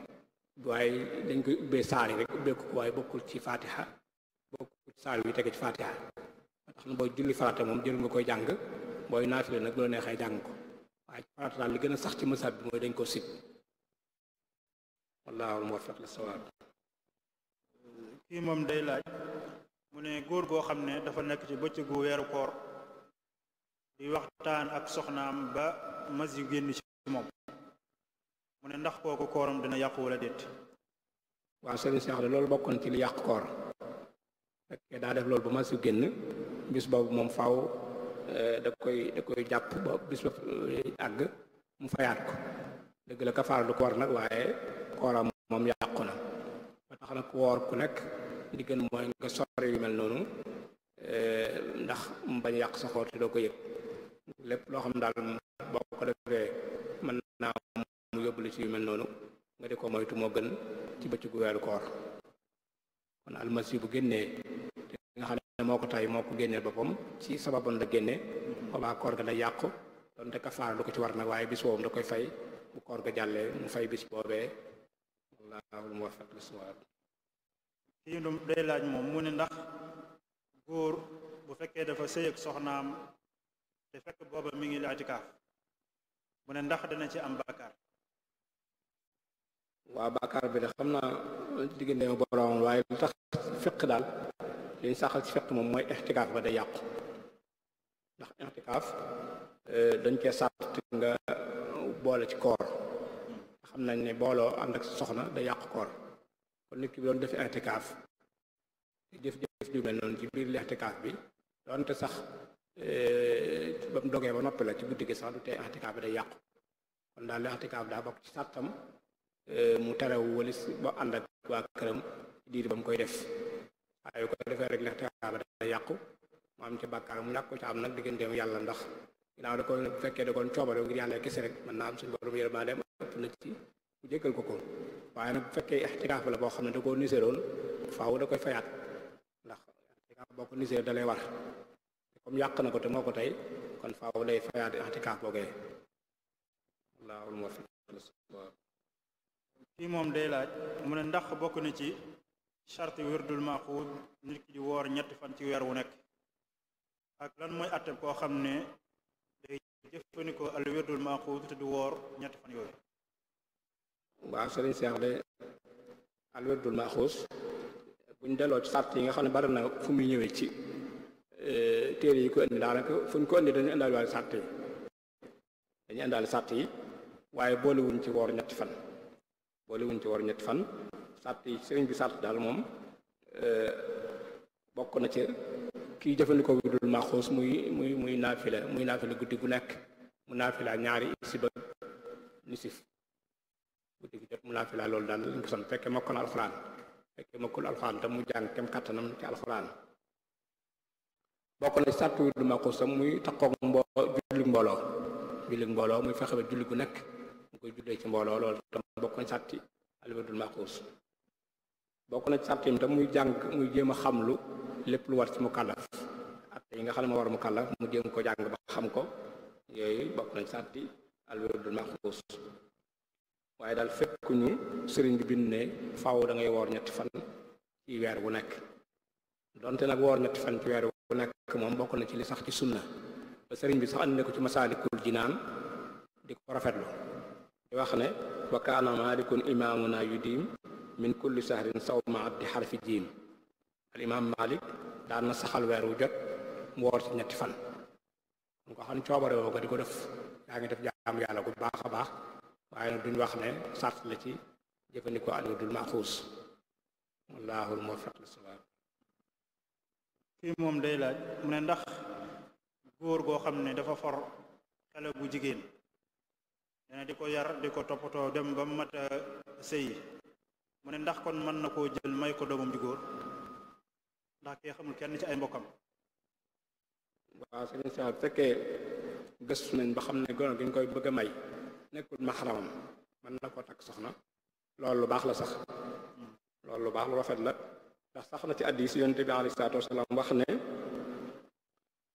waaye dañ koy ubbee saar yi rek ubbee ko waaye bokkul ci fatiha bokkul ci saar wi tege ci fatiha tax na booy julli farata moom jël nga koy jàng booy naafile nag loo neexee jàng ko waaye ci farata li gën a sax ci masab bi mooy dañ ko sib wallaahu muwaffiq li sawaab kii moom day laaj mu ne góor goo xam ne dafa nekk ci gu weeru koor di waxtaan ak soxnaam ba mas yu génn ci moom mu ne ndax kooku kooram dina yàqu wala déet waaw sëriñ Cheikh de loolu bokkoon ci lu yàq koor fekkee daa def loolu ba ma su génn bis boobu moom faw eh, da koy da koy jàpp ba bis ba àgg mu fayaat ko dëgg la kafaara du ko nag waaye kooram moom yàqu na ba tax nag woor ku nekk li gën mooy nga sori yu mel noonu eh, ndax mu bañ yàq sa xoor te doo ko yëg lépp loo xam daal boo ko defee mën naa mu yóbbu ci yu mel noonu nga di ko moytu moo gën ci bëccëgu weeru koor kon almasi bu génnee te nga xam ne moo ko tay moo ko génneel boppam ci sababoon la génne boobaa koor ga day yàqu donte ko ci war waaye bis da koy fay bu koor mu fay bis boobee wallaahu muwaffiq lis moom mu ne ndax góor bu fekkee dafa sëy ak soxnaam te fekk booba mi ngi laatikaaf mu ne ndax dana ci am bàkkaar waa bàkkaar bi de xam naa diggante ma boroom waaye lu tax fiq daal li ñu saxal ci fiq moom mooy ixtikaaf ba day yàqu ndax ixtikaaf euh, dañ koy sàtt boole ci koor xam nañ ne booloo ànd soxna day yàqu koor kon nit ki bi doon def ixtikaaf di def jëf ju mel noonu ci biir ixtikaaf bi doonte sax euh, ba mu dogee ba noppi la ci guddi gi sax du tee ixtikaaf bi day yàqu kon daal ixtikaaf daa bokk ci sàttam Euh, mu taraw walis ba ànd ak waa këram diir ba mu koy def waaye bu ko defee rek ndax texaa ba dana yàqu mu am ca mu ñàkk ko ca am nag digganteem yàlla ndax ginnaaw da ko bu fekkee da koon coobare ngir yàlla kese rek mën naa am suñu na ci mu jëkkal ko ko waaye nag bu fekkee ixtikaaf la boo xam ne da koo niseeroon faaw da koy fayaat ndax ixtikaaf boo ko niseer da lay war comme yàq na ko te moo ko tey kon faaw day fayaat ixtikaaf boogee kii moom day laaj mu ne ndax bokk na ci charte wérdul maxuud nit ki di woor ñetti fan ci weer wu nekk ak lan mooy atte koo xam ne day jëfandikoo al wérdul maxuud te du woor ñetti fan yooyu waaw sëriñ Seex de al wérdul maxuus buñ delloo ci sart yi nga xam ne bari na fu muy ñëwee ci e, téere yi ko indi daanaka fu ñu ko indi dañu indaale waale sart yi waaye boolewuñ ci woor ñetti fan boole wuñ ci war ñett fan sàtt yi sëriñ bi sàtt daal moom euh, bokk na ci kiy jëfandikoo wi maxuus muy muy muy naafila muy naafila guddi gu nekk mu naafila ñaari si ba nisif guddi gi jot mu naafila loolu daal lañ ko sant fekkee mokkal alxuraan fekkee mokkal alxuraan te mu jàng kem kattanam ci alxuraan bokk na ci sàtt wi maxuus tam muy takkoog mbo julli mbooloo julli mbooloo muy fexe ba julli gu nekk koy jullee ci mbooloo lool tam bokk na sàtti alwadul maquus bokk na sàttim tam muy jàng muy jéem a xamlu lépp lu war ci mu kàllaf at yi nga xam ne moo war mu kàllaf mu jéem ko jàng ba xam ko yooyu bokk na sàtti alwadul maquus waaye daal fekk ñu sëriñ bi bind ne faaw da ngay woor ñetti fan ci weer wu nekk donte nag woor ñetti fan ci weer bu nekk moom bokk na ci li sax ci sunna ba sëriñ bi sax andi ko ci masaalikul jinaan di ko rafetlu wax ne wa kaana malikun imaamuna yudim min kulli sahrin sawma abdi xarfi jiim al imaam malik daan saxal weer wu jot mu woor ci ñetti fan mu ko xam coobare woo nga di ko def yaa ngi def jaam yàlla gu baax a baax waaye nag duñ wax ne sart la ci jëfandikoo al wadul maxfuus wallaahul muwaffiq li sawaab kii moom day laaj mu ne ndax góor goo xam ne dafa for xale bu jigéen nee di ko yar di ko toppatoo dem ba mu mat a euh, sëy mu ne ndax kon mën na koo jël may ko doomam ju góor ndax kee xamul kenn ci ay mbokkam waaw sëriñ sa fekkee gëstu nañ ba xam ne gone gi koy bëgg a may nekkut maxaramam mën na ko takk soxna lool lu baax la sax loolu lu baax lu rafet la ndax sax na ci hadiis yonent bi alayhi salaatu wasalaam wax ne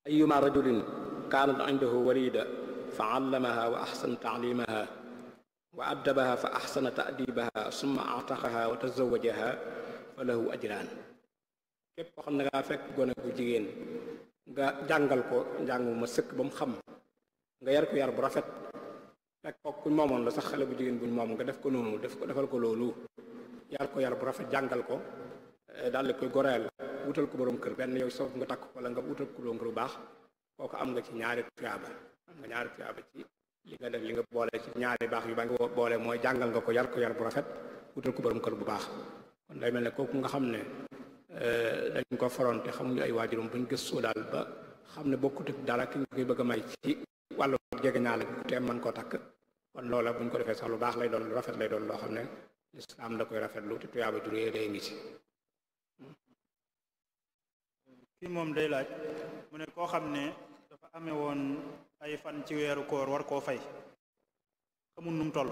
ayyuma rajulin kaanat indahu walida fa allamaha wa axsana taalimaha wa addabaha fa axsana taadibaha summa aataqaha wa tazawajaha fa lahu ajraan képp koo xam ne ngaa fekk gone bu jigéen nga jàngal ko njàng ma sëkk ba mu xam nga yar ko yar bu rafet fekk ko kuñ moomoon la sax xale bu jigéen buñ moom nga def ko noonu def ko defal ko loolu yar ko yar bu rafet jàngal ko eh, daal di koy goreel wutal ko boroom kër benn yow soof nga takk wala nga wutal ko boroom kër bu baax kooku am nga ci ñaari tuyaaba nga ñaari tuyaaba ci li nga def li nga boole ci ñaari baax yu ba nga boole mooy jàngal nga ko yar ko yar bu rafet wutal ko borom kër bu baax kon day mel eh, daal ba xam ne bokkut ak dara ki nga koy bëgg a may ci wàllu jege ñaale te mën koo takk kon loola buñ ko defee sax lu baax lay doon lu rafet lay doon loo xam ne lislaam da koy rafetlu te tuyaaba juree day ngi ci ne koo xam ne amee woon ay fan ci weeru koor war koo fay xamul num toll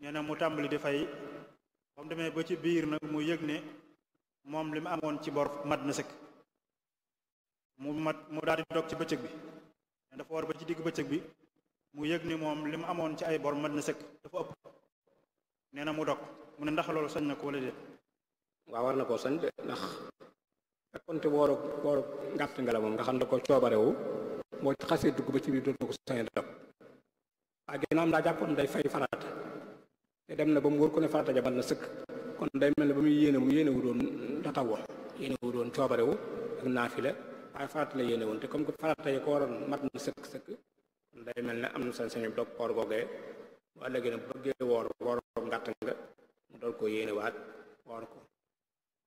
nee na mu tàmbali di fay ba demee ba ci biir nag mu yëg ne moom li mu amoon ci bor mat na sëkk mu mat mu daal ci bëccëg bi ne ci digg bëccëg bi mu yëg ne moom li mu amoon ci ay bor mat na sëkk dafa ëpp nee na mu dog mu ne ndax loolu sañ na ko wala war na koo sañ de ndax fekkonte wooru wooru ngàtt nga la moom nga xam ne ko coobarewu boo xasee dugg ba ci biir dootoo ko sañ dog waaye ginnaaw daa jàppoon day fay farata te dem na ba mu wóor ko ne farata jabat na sëkk kon day mel ne ba muy yéene mu yéene wu doon tatawwa yéene wu doon coobarewu ak naafila waaye farata la yéene woon te comme que farata yi ko waroon mat na sëkk sëkk day mel ne am na sañ-sañu dog koor googee waa léegi nag bëggee woor woor ko nga mu dool ko yéene woor ko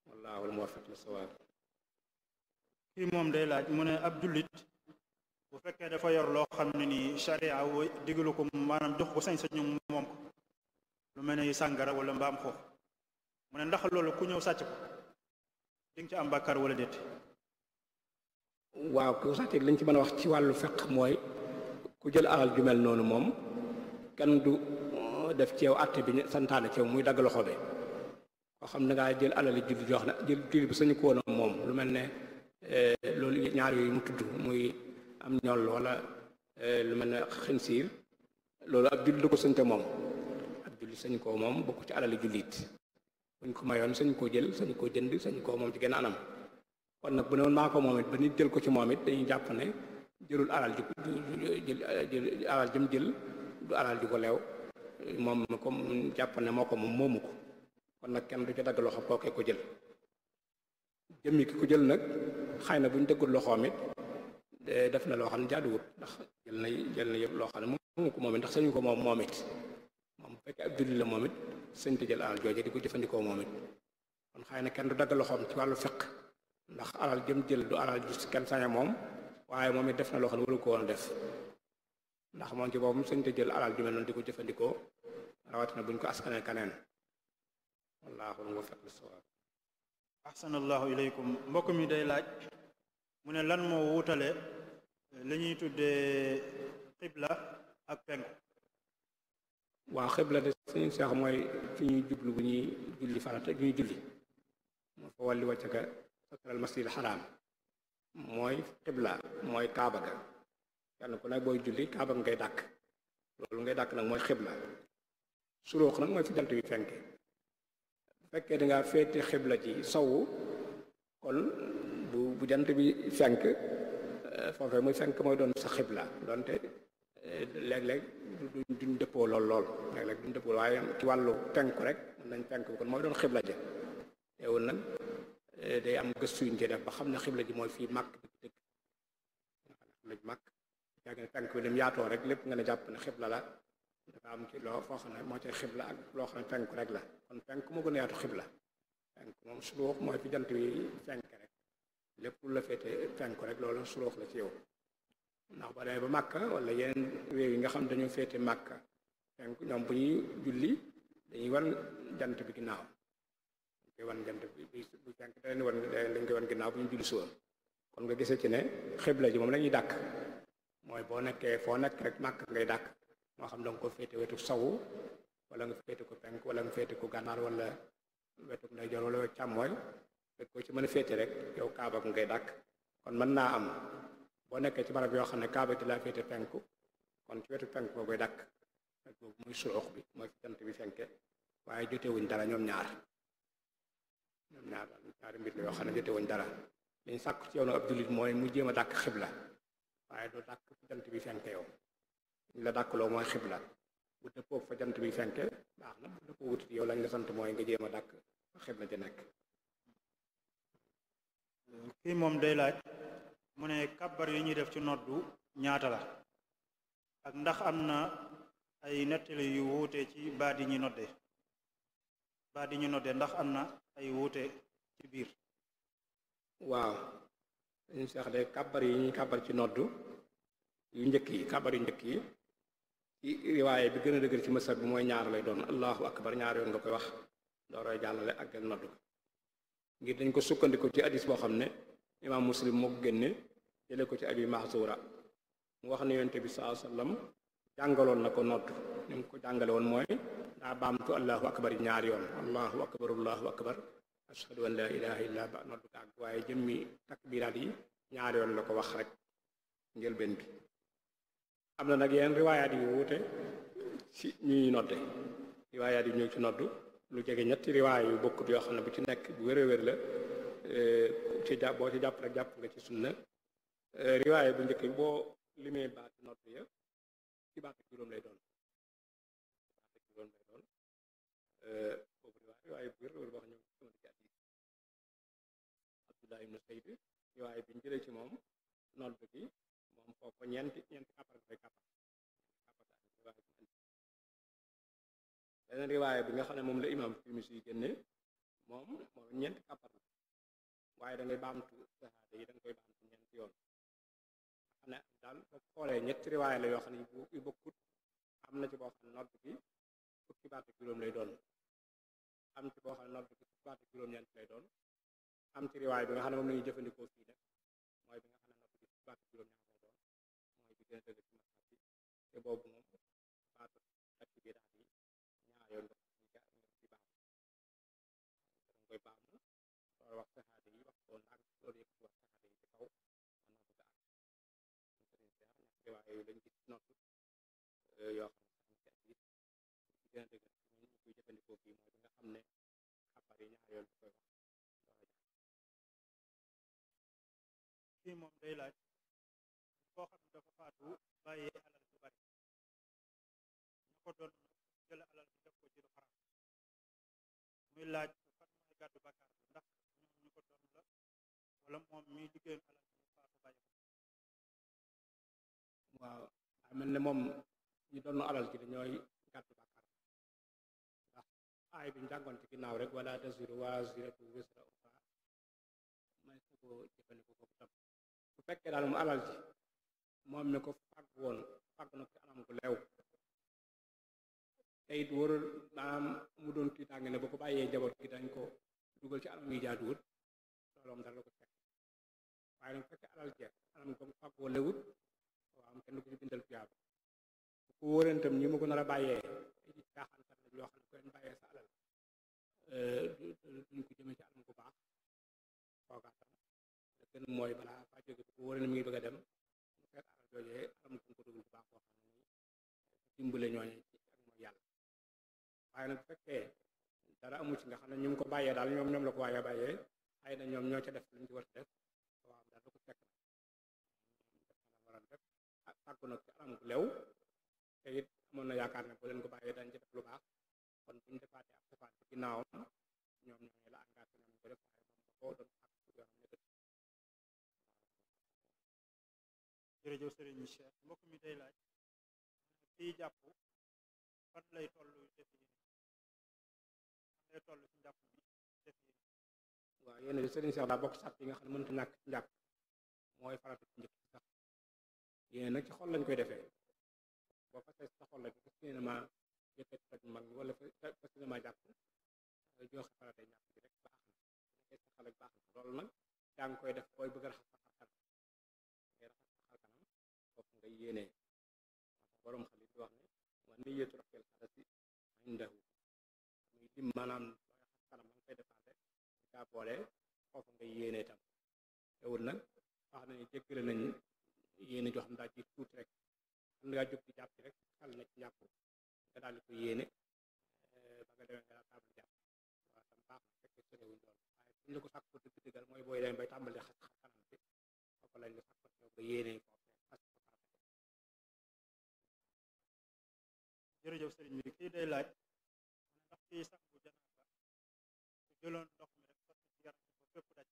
wallaahu al muwaffiq li sawaab kii moom day laaj mu ne ab jullit bu fekkee dafa yor loo xam ne nii charia wo digalu ko maanaam jox ko sañ-sañu moom ko lu mel ne sàngara wala mbaam xoox mu ne ndax loolu ku ñëw sàcc ko di ci am bàkkaar wala déet waaw ku sàcc lañ ci mën a wax ci wàllu feq mooy ku jël alal ju mel noonu moom kenn du euh, def ceew àtte bi santaane ceew muy dagg loxo bi koo xam na ngaa jël alal yi jullit joo moom lu mel ne Eh, loolu ñaar yooyu mu tudd muy am ñoll wala eh, lu mën a xinsiir loolu ab jullit ko sëñte moom ab jullit sañ koo moom bokk ci alali jullit buñ ko mayoon sañ koo jël sañ koo jënd sañ koo moom ci genn anam kon nag bu ne woon maa ko moom it ba nit jël ko ci moom it dañuy jàpp ne jëlul alal ji eh, jël alal jëm jël du alal ji ko leew moom comme jàpp ne moo ko moom moomu ko kon nag kenn du ci dagg loxo kookee ko jël jëmmi ki ko jël nag xëy na bu ñu dëggul loxoom it eh, def na loo xam ne jaaduwut ndax jël na jël na yëpp loo xam ne moom ko moom it ndax sañu ko moom moom it moom bu fekkee ab jullit la moom it sëñ bi jël alal jooje di ko jëfandikoo moom kon xëy na kenn du dagg loxoom ci wàllu fiq ndax alal jëm jël kenn saña moom waaye moom it def na loo xam ne waru ko woon def ndax moom ci boppam sëñ te jël alal ju mel noonu di ko jëfandikoo rawatina buñ ko askanee kaneen wallaahu ahsanallahu ilaykum mbokk mi day laaj mu ne lan moo wuutale eh, li ñuy tuddee xibla ak penku waaw xibla de suñu seex mooy fi ñuy jublu bu ñuy julli farata bu ñuy julli moo fa walli wàccaka satral masjidil xaraam mooy xibla mooy kaaba ga kenn ku nag booy julli kaaba ngay dàkk loolu ngay dàkk nag mooy xibla suróox nag mooy fi jant bi fenke fekkee dangaa féete xibla ci sowu kon bu bu jant bi fenk euh, foofee muy fenk mooy doon sa xibla donte euh, léeg-léeg duñ dëppoo lool lool léeg-léeg duñ dëppoo waaye ci wàllu penku rek mën nañ penk bi kon mooy doon xibla ji teewul nag euh, day am gëstu yuñ ci def ba xam ne xibla ji mooy fii màkk dëgg xibla ji màkk dem yaatoo rek lépp nga ne jàpp ne xibla la dafa am ci loo foo xam ne moo ci xibla ak loo xam ne penku rek la kon penku moo gën a yaatu xibla moom suruux mooy fi jant bi fenk rek lépp lu la féete penku rek loolu suruux la ci yow ndax ba demee ba màkka wala yeneen réew yi nga xam dañu féete màkka penku ñoom bu ñuy julli dañuy wan jant bi ginnaaw dañ koy wan jant bi bu fenk da leen wan dañ koy wan ginnaaw bu ñu julli suba kon nga gisee ci ne xibla ji moom la ñuy dàkk mooy boo nekkee foo nekk rek màkk ngay dàkk moo xam da ko féete wetu sawu wala nga féete ko penk wala nga féete ko gànnaar wala wetu ndeyjoor wala wetu càmmooñ rek ko ci mën a féete rek yow kaaba ngay dakk kon mën naa am boo nekkee ci barab yoo xam ne kaaba gi laa féete penku kon ci wetu penk boobu dàkk rek boobu muy surox bi mooy fi jant bi fenke waaye jotewuñ dara ñoom ñaar ñoom ñaar ñaari mbir la yoo xam ne jotewuñ dara liñ sakk ci yow nag ab jullit mooy mu jéem a dàkk xibla waaye doo dàkk fi jant bi fenke yow la dàkkloo mooy xibla bu dëppoo fa jant bi fenke baax na bu dëppoo wutit yow lañ la sant mooy nga jéem a dàkk fa xibla ja nekk kii moom day laaj mu ne kàbbar yu ñuy def ci noddu ñaata la ak ndax am na ay nettali yu wuute ci baat yi ñu nodde baat yi ñu nodde ndax am na ay wuute ci biir waaw ñu sax de kàbbar yi ñuy kàbbar ci noddu yu njëkk yi kàbbar yu njëkk yi riwaaye bi gën a dëgër ci masar bi mooy ñaar lay doon allahu akbar ñaar yoon nga koy wax dooroy jàllale ak gel noddu ngir dañ ko sukkandiku ci hadis boo xam ne imaam muslim moo ko génne jële ko ci abi mahzura mu wax ne yonte bi sa sallam jàngaloon na ko nodd ni ko jàngale woon mooy daa baamtu allahu akbar yi ñaar yoon allahu akbar allahu akbar ashhadu an laa ilaha illa ba nodd gaag waaye jëmmi takbiraat yi ñaar yoon la ko wax rek njëlbeen bi am na nag yenn riwaayaat yu wuute si ñuy nodde riwaayaat yu ñëw ci noddu lu jege ñetti riwaay yu bokkut yoo xam ne bu ci nekk bu wér wër la eh, ci jàpp boo ci jàpp rek jàpp nga ci sunna eh, riwaay bu njëkk bi boo limee baat nodd ya ci baat ak juróom lay doon baat eh, ak juróom lay boobu riwaay riwaay bu wér a wér boo xam ci hadiis Abdullah ibnu jëlee ci moom nodd gi ko ko ñeenti ñeenti kappar dafay kappar beneen riwaaye bi nga xam ne moom la imaam Tirmisi yi génne moom moom ñeenti kappar la waaye da ngay baamtu saxaada yi da nga koy baamtu ñeenti yoon xam ne daal boo la yoo xam ne yu am na ci boo xam ne nodd bi fukki baat ak juróom lay doon am ci boo xam ne nodd bi fukki baat ak juróom lay doon am ci riwaay bi nga xam ne moom la jëfandikoo fii nag mooy bi nga xam ne nodd bi fukki baat ak juróom ñeent gën a dëgg ci masab bi te boobu moom baatu takki bi dax bi ñaar nga ñoom ci baax danga koy baax mu loolu wax saxaate yi wax ko naag loolu yëpp wax saxaate yi ci kaw man na ko sa ak m sëriñ seex ñax riwaay yooyu lañ gis nottu yoo xam ne sax ci ak a dëgg ñun ñu koy jëfandikoo kii mooy bi nga xam ne xabar yi ñaar yoon da bu bàyyee alal ju bari ña ko doon jël alal ji def ko ci muy laaj fan mooy gàddu bàkkaar bi ndax ñoom ñu ko doon la wala moom mii liggéeyam alal ji faatu bàyyi ko waaw daa mel ne moom ñu doon alal ji dañooy gàddu bàkkaar ndax aay bi ñu jàngoon ci ginnaaw rek wala may su ko jëfandikoo tam bu fekkee daal mu alal ji moom mi ko fàgg woon fàgg na ci anam gu leew te it warul maanaam mu doon tiitaange ne ba ko bàyyee jaboot ki dañ ko dugal ci anam yu jaaduwut loolu moom dara la ko fekk waaye nag fekk alal jeex anam ko fàgg ñi ma ko nar a bàyyee ci caaxaankat ko leen bàyyee sa alal euh, duñ ko jëmee ci anam gu baax kooka tam la mooy balaa faa jóge bu ko wóoreen mi ngi bëgg a dem yooyee alam a ko dugal bu baax koo xam ne dimbale ñooñu ci a mooy yàlla waaye nag fekkee dara amu ci nga xam ne ñu ko bàyyee daal ñoom ñoom la ko waaye bàyyee na ñoom ñoo ca def lu ñu ci war a def waaw da ko fekk na waral def a fàggu nag ci anam gu lew te it amoon na yaakaar ne boo leen ko baax kon buñu ak defaat ci ginnaawam ñoom ñooñu la engagé ñoom ñu ko def waaye moom ko doon ak yoonam jërëjëf sëriñ Cheikh mbokk mi day laaj fii jàpp fan lay toll def lay toll ci njàpp bi def yéene waaw yéene bi sëriñ Cheikh daa bokk sàpp nga xam ne mënta ñàkk ci mooy farata ci njëkk sax yéene nag ci xol lañ koy defee boo fasee sa xol la bi fas yéene baax na bu nekkee sa xel ak koy def booy bëgg a koy a moo tax boroom xel di wax ne wa niyyatu rafil xadasi indahu muy lim maanaam looy xas kanam nga koy defante di kaa boole foofu ngay yéenee tam teewul nag wax na ne jéggale nañ yéene nga na ci daal ko yéene eh, ba nga nga daal tàmbali jàpp waaw tam baax na fekk soriwuñ loolu waaye suñ la ko sàkk dëgg-dëggal mooy booy dem bay tàmbali xas xas jërëjëf sëriñ bi kii day laaj mu ne ndax kii sangu janaaba su jëloon ndox ne ndax loolu dana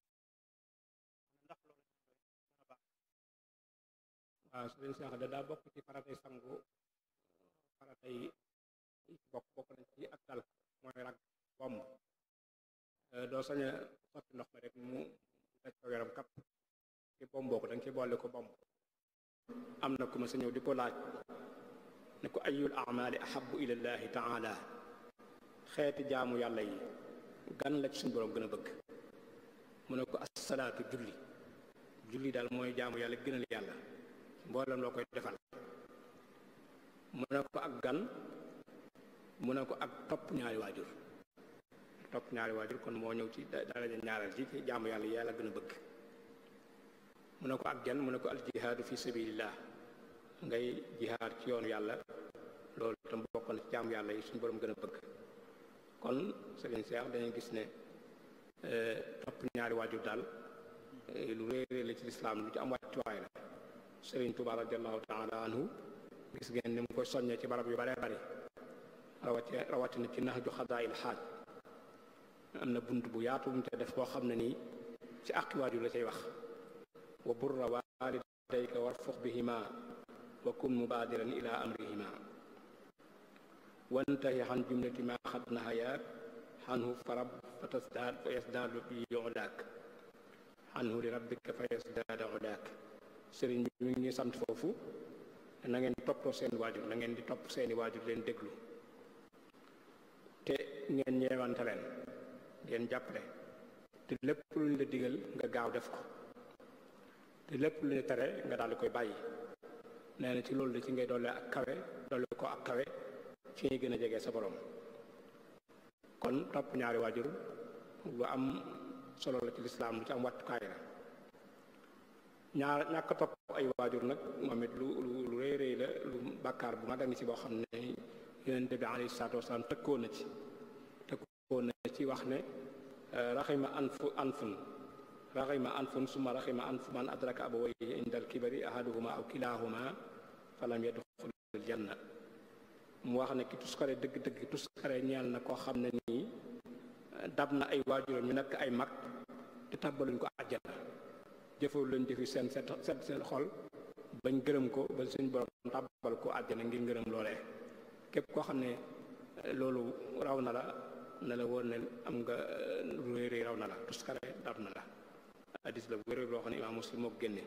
baax waaw daa bokk ci faratay sangu faratay bokk na ci ak dal bomb euh, doo sañ a sotti ndox mi rek mu daj ko yaram kapp ci bomboo ko da nga boole ko bomb am na ku ma sa ñëw di ko laaj ne ko ayul amaali ahabu ilallaahi taala xeeti jaamu yàlla yi gan la ci suñu borom gën a bëgg mu ne ko salaatu julli julli daal mooy jaamu yàlla gënal yàlla mboolem loo koy defal mu ne ko ak gan mu ne ko ak topp ñaari waajur topp ñaari waajur kon moo ñëw ci daraja ñaareel ci jaamu yàlla la gën a bëgg mu ne ko ak jan mu ne ko aljihaadu fi sabilillah ngay jihaad ci yoonu yàlla loolu tam bokk na ci jaamu yàlla yi suñu borom gën a bëgg kon sëriñ Seex dañuy gis ne eh, topp ñaari waajur daal eh, lu réeré la ci lislaam lu ci am wàccuwaay la sëriñ Tuubaa radiallahu taala anhu gis ngeen ni mu koy soññee ci barab yu bare bare rawati rawatina ci nax ju xadaayil xaaj am na bunt bu yaatu te def boo xam ne nii ci àqi waajur la cay wax wa burra waalidayka warfuq bihima wa kun mubaadiran ila amrihima wantahi xan jumlati ma xat nahayaak xanhu farab fa tasdaad fa yasdaadu bi yodaak xanhu li rabbika fa yasdaada odaak bi mi ngi sant foofu na ngeen toppoo seen waajur na di topp seeni waajur leen déglu te ngeen ñeewante leen ngeen jàppale te lépp lu ñu la digal nga gaaw def ko te lépp lu ñu tere nga daal di koy bàyyi nee na ci loolu la ci ngay doole ak kawe doole ko ak kawe fi ngay gën a jege sa borom kon topp ñaari waajur lu am solo la ci lislaam lu ci am wattukaay la ñaar ñàkk topp ay waajur nag moom it lu lu rëy rëy la lu bàkkaar bu mag a ngi ci boo xam ne yonent bi alayhi salaatu wasalaam tëkkoon na ci tëkkoon na ci wax ne raxima anfu anfun raxima anfun summa raxima anfu man adraka abawayhi inda alkibari ahaduhuma aw kilahuma falam yadxulul janna mu wax ne ki tuskare dëgg dëgg tuskare ñeel na koo xam ne nii dab na ay waajuram ñu nekk ay mag te tàbbaluñ ko àjjana jëfewul lañ jëfi seen set set seen xol bañ gërëm ko ba suñ borom tàbbal ko àjjana ngir ngërëm loole képp koo xam ne loolu raw na la ne la wóor ne am nga réer raw na la tuskare dab na la hadis la bu wér boo xam ne imaam muslim moo ko génne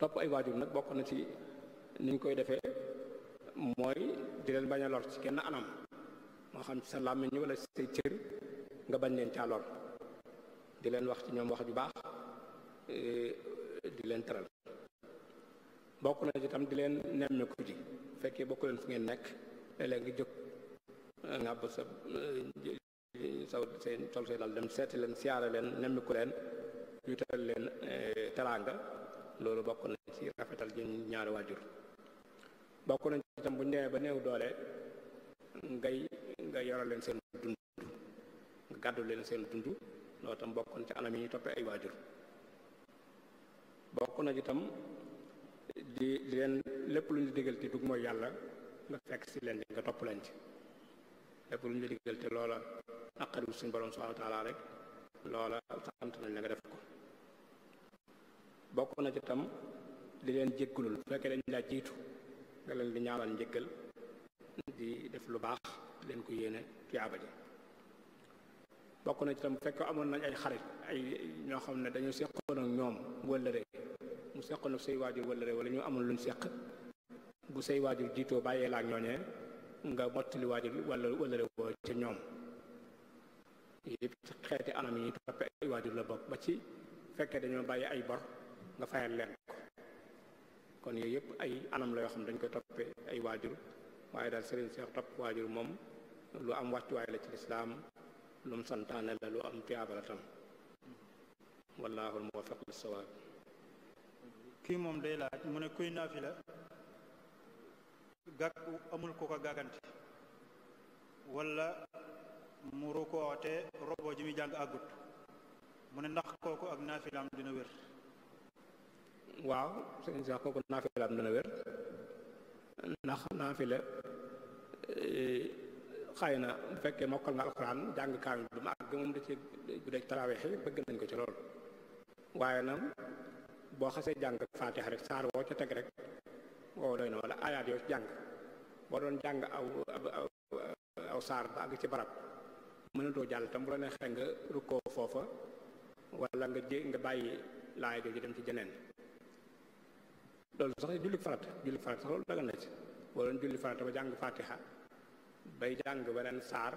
topp ay waajur nag bokk na ci niñ koy defee mooy di leen bañ a lor ci kenn anam moo xam ci sa làmmiñ wala say cër nga bañ leen caa lor di leen wax ci ñoom wax ju baax eh, di leen teral bokk na ci tam di leen nemmeeku ji fekkee bokk leen fu ngeen nekk léeg-léeg nga jóg ngàbb sa eh, saw seen sol seen dem seeti leen siyaare leen nemmiku leen ñu leen eh, teraanga loolu bokk nañ ci rafetal ji ñaari waajur bokk nañ ci itam bu ñu demee ba néew doole ngay nga yoral leen seen dund nga gàddu leen seen dund loolu tam bokk na ci anam yi ñu toppee ay waajur bokk na itam di leen lépp lu ñu digal ci dugg mooy yàlla nga fekk si leen nga topp leen ci lépp lu ñu la digal te loola naqariwul suñu borom subhanahu wa taala rek loola nañ la nga def ko bokkoon na ci tam di leen jéggalul bu fekkee dañ laa jiitu nga leen di ñaanal njëggal di def lu baax leen ko yéene tuyaaba ji bokk na ci bu fekkee amoon nañ ay xarit ay ñoo xam ne dañu seqoon ak ñoom wëllëre mu seqoon ak say waajur wëllëre wala ñu amul luñ seq bu say waajur jiitoo bàyyee la ak ñooñee nga mottali waajur wala wala woo ca ñoom yëpp xeeti anam yi toppe ay waajur la bokk ba ci fekkee dañoo bàyyi ay bor nga fayal leen kon yooyu yëpp ay anam la yoo xam dañ koy toppe ay waajur waaye daal sëriñ Seex topp waajur moom lu am wàccuwaay la ci lislaam lu mu santaane la lu am tiyaaba la tam wallaahu al sawaab kii moom day laaj mu ne kuy naafila gàg amul ku ko gàgganti wala mu rukoote robo ji muy jàng àggut mu ne ndax kooku ak naafilaam dina wér waaw sëñ sax kooku naafilaam dina wér ndax naafila eh, xëy na bu fekkee mokkal nga alxuraan jàng kaamil du ma àgg moom da ci bu dee taraweex bëgg nañ ko ci lool waaye nag boo xasee jàng faatixa rek saar woo ca teg rek woow doy na wala aayaat yoo jàng boo doon jàng aw aw saar ba àgg ci barab mënatoo jàll tam bu la neexee nga rukkoo foofa wala nga jé nga bàyyi laaya jooju dem ci jeneen loolu sax julli farat julli farat sax loolu dagal na ci boo doon julli farat ba jàng fatiha bay jàng beneen saar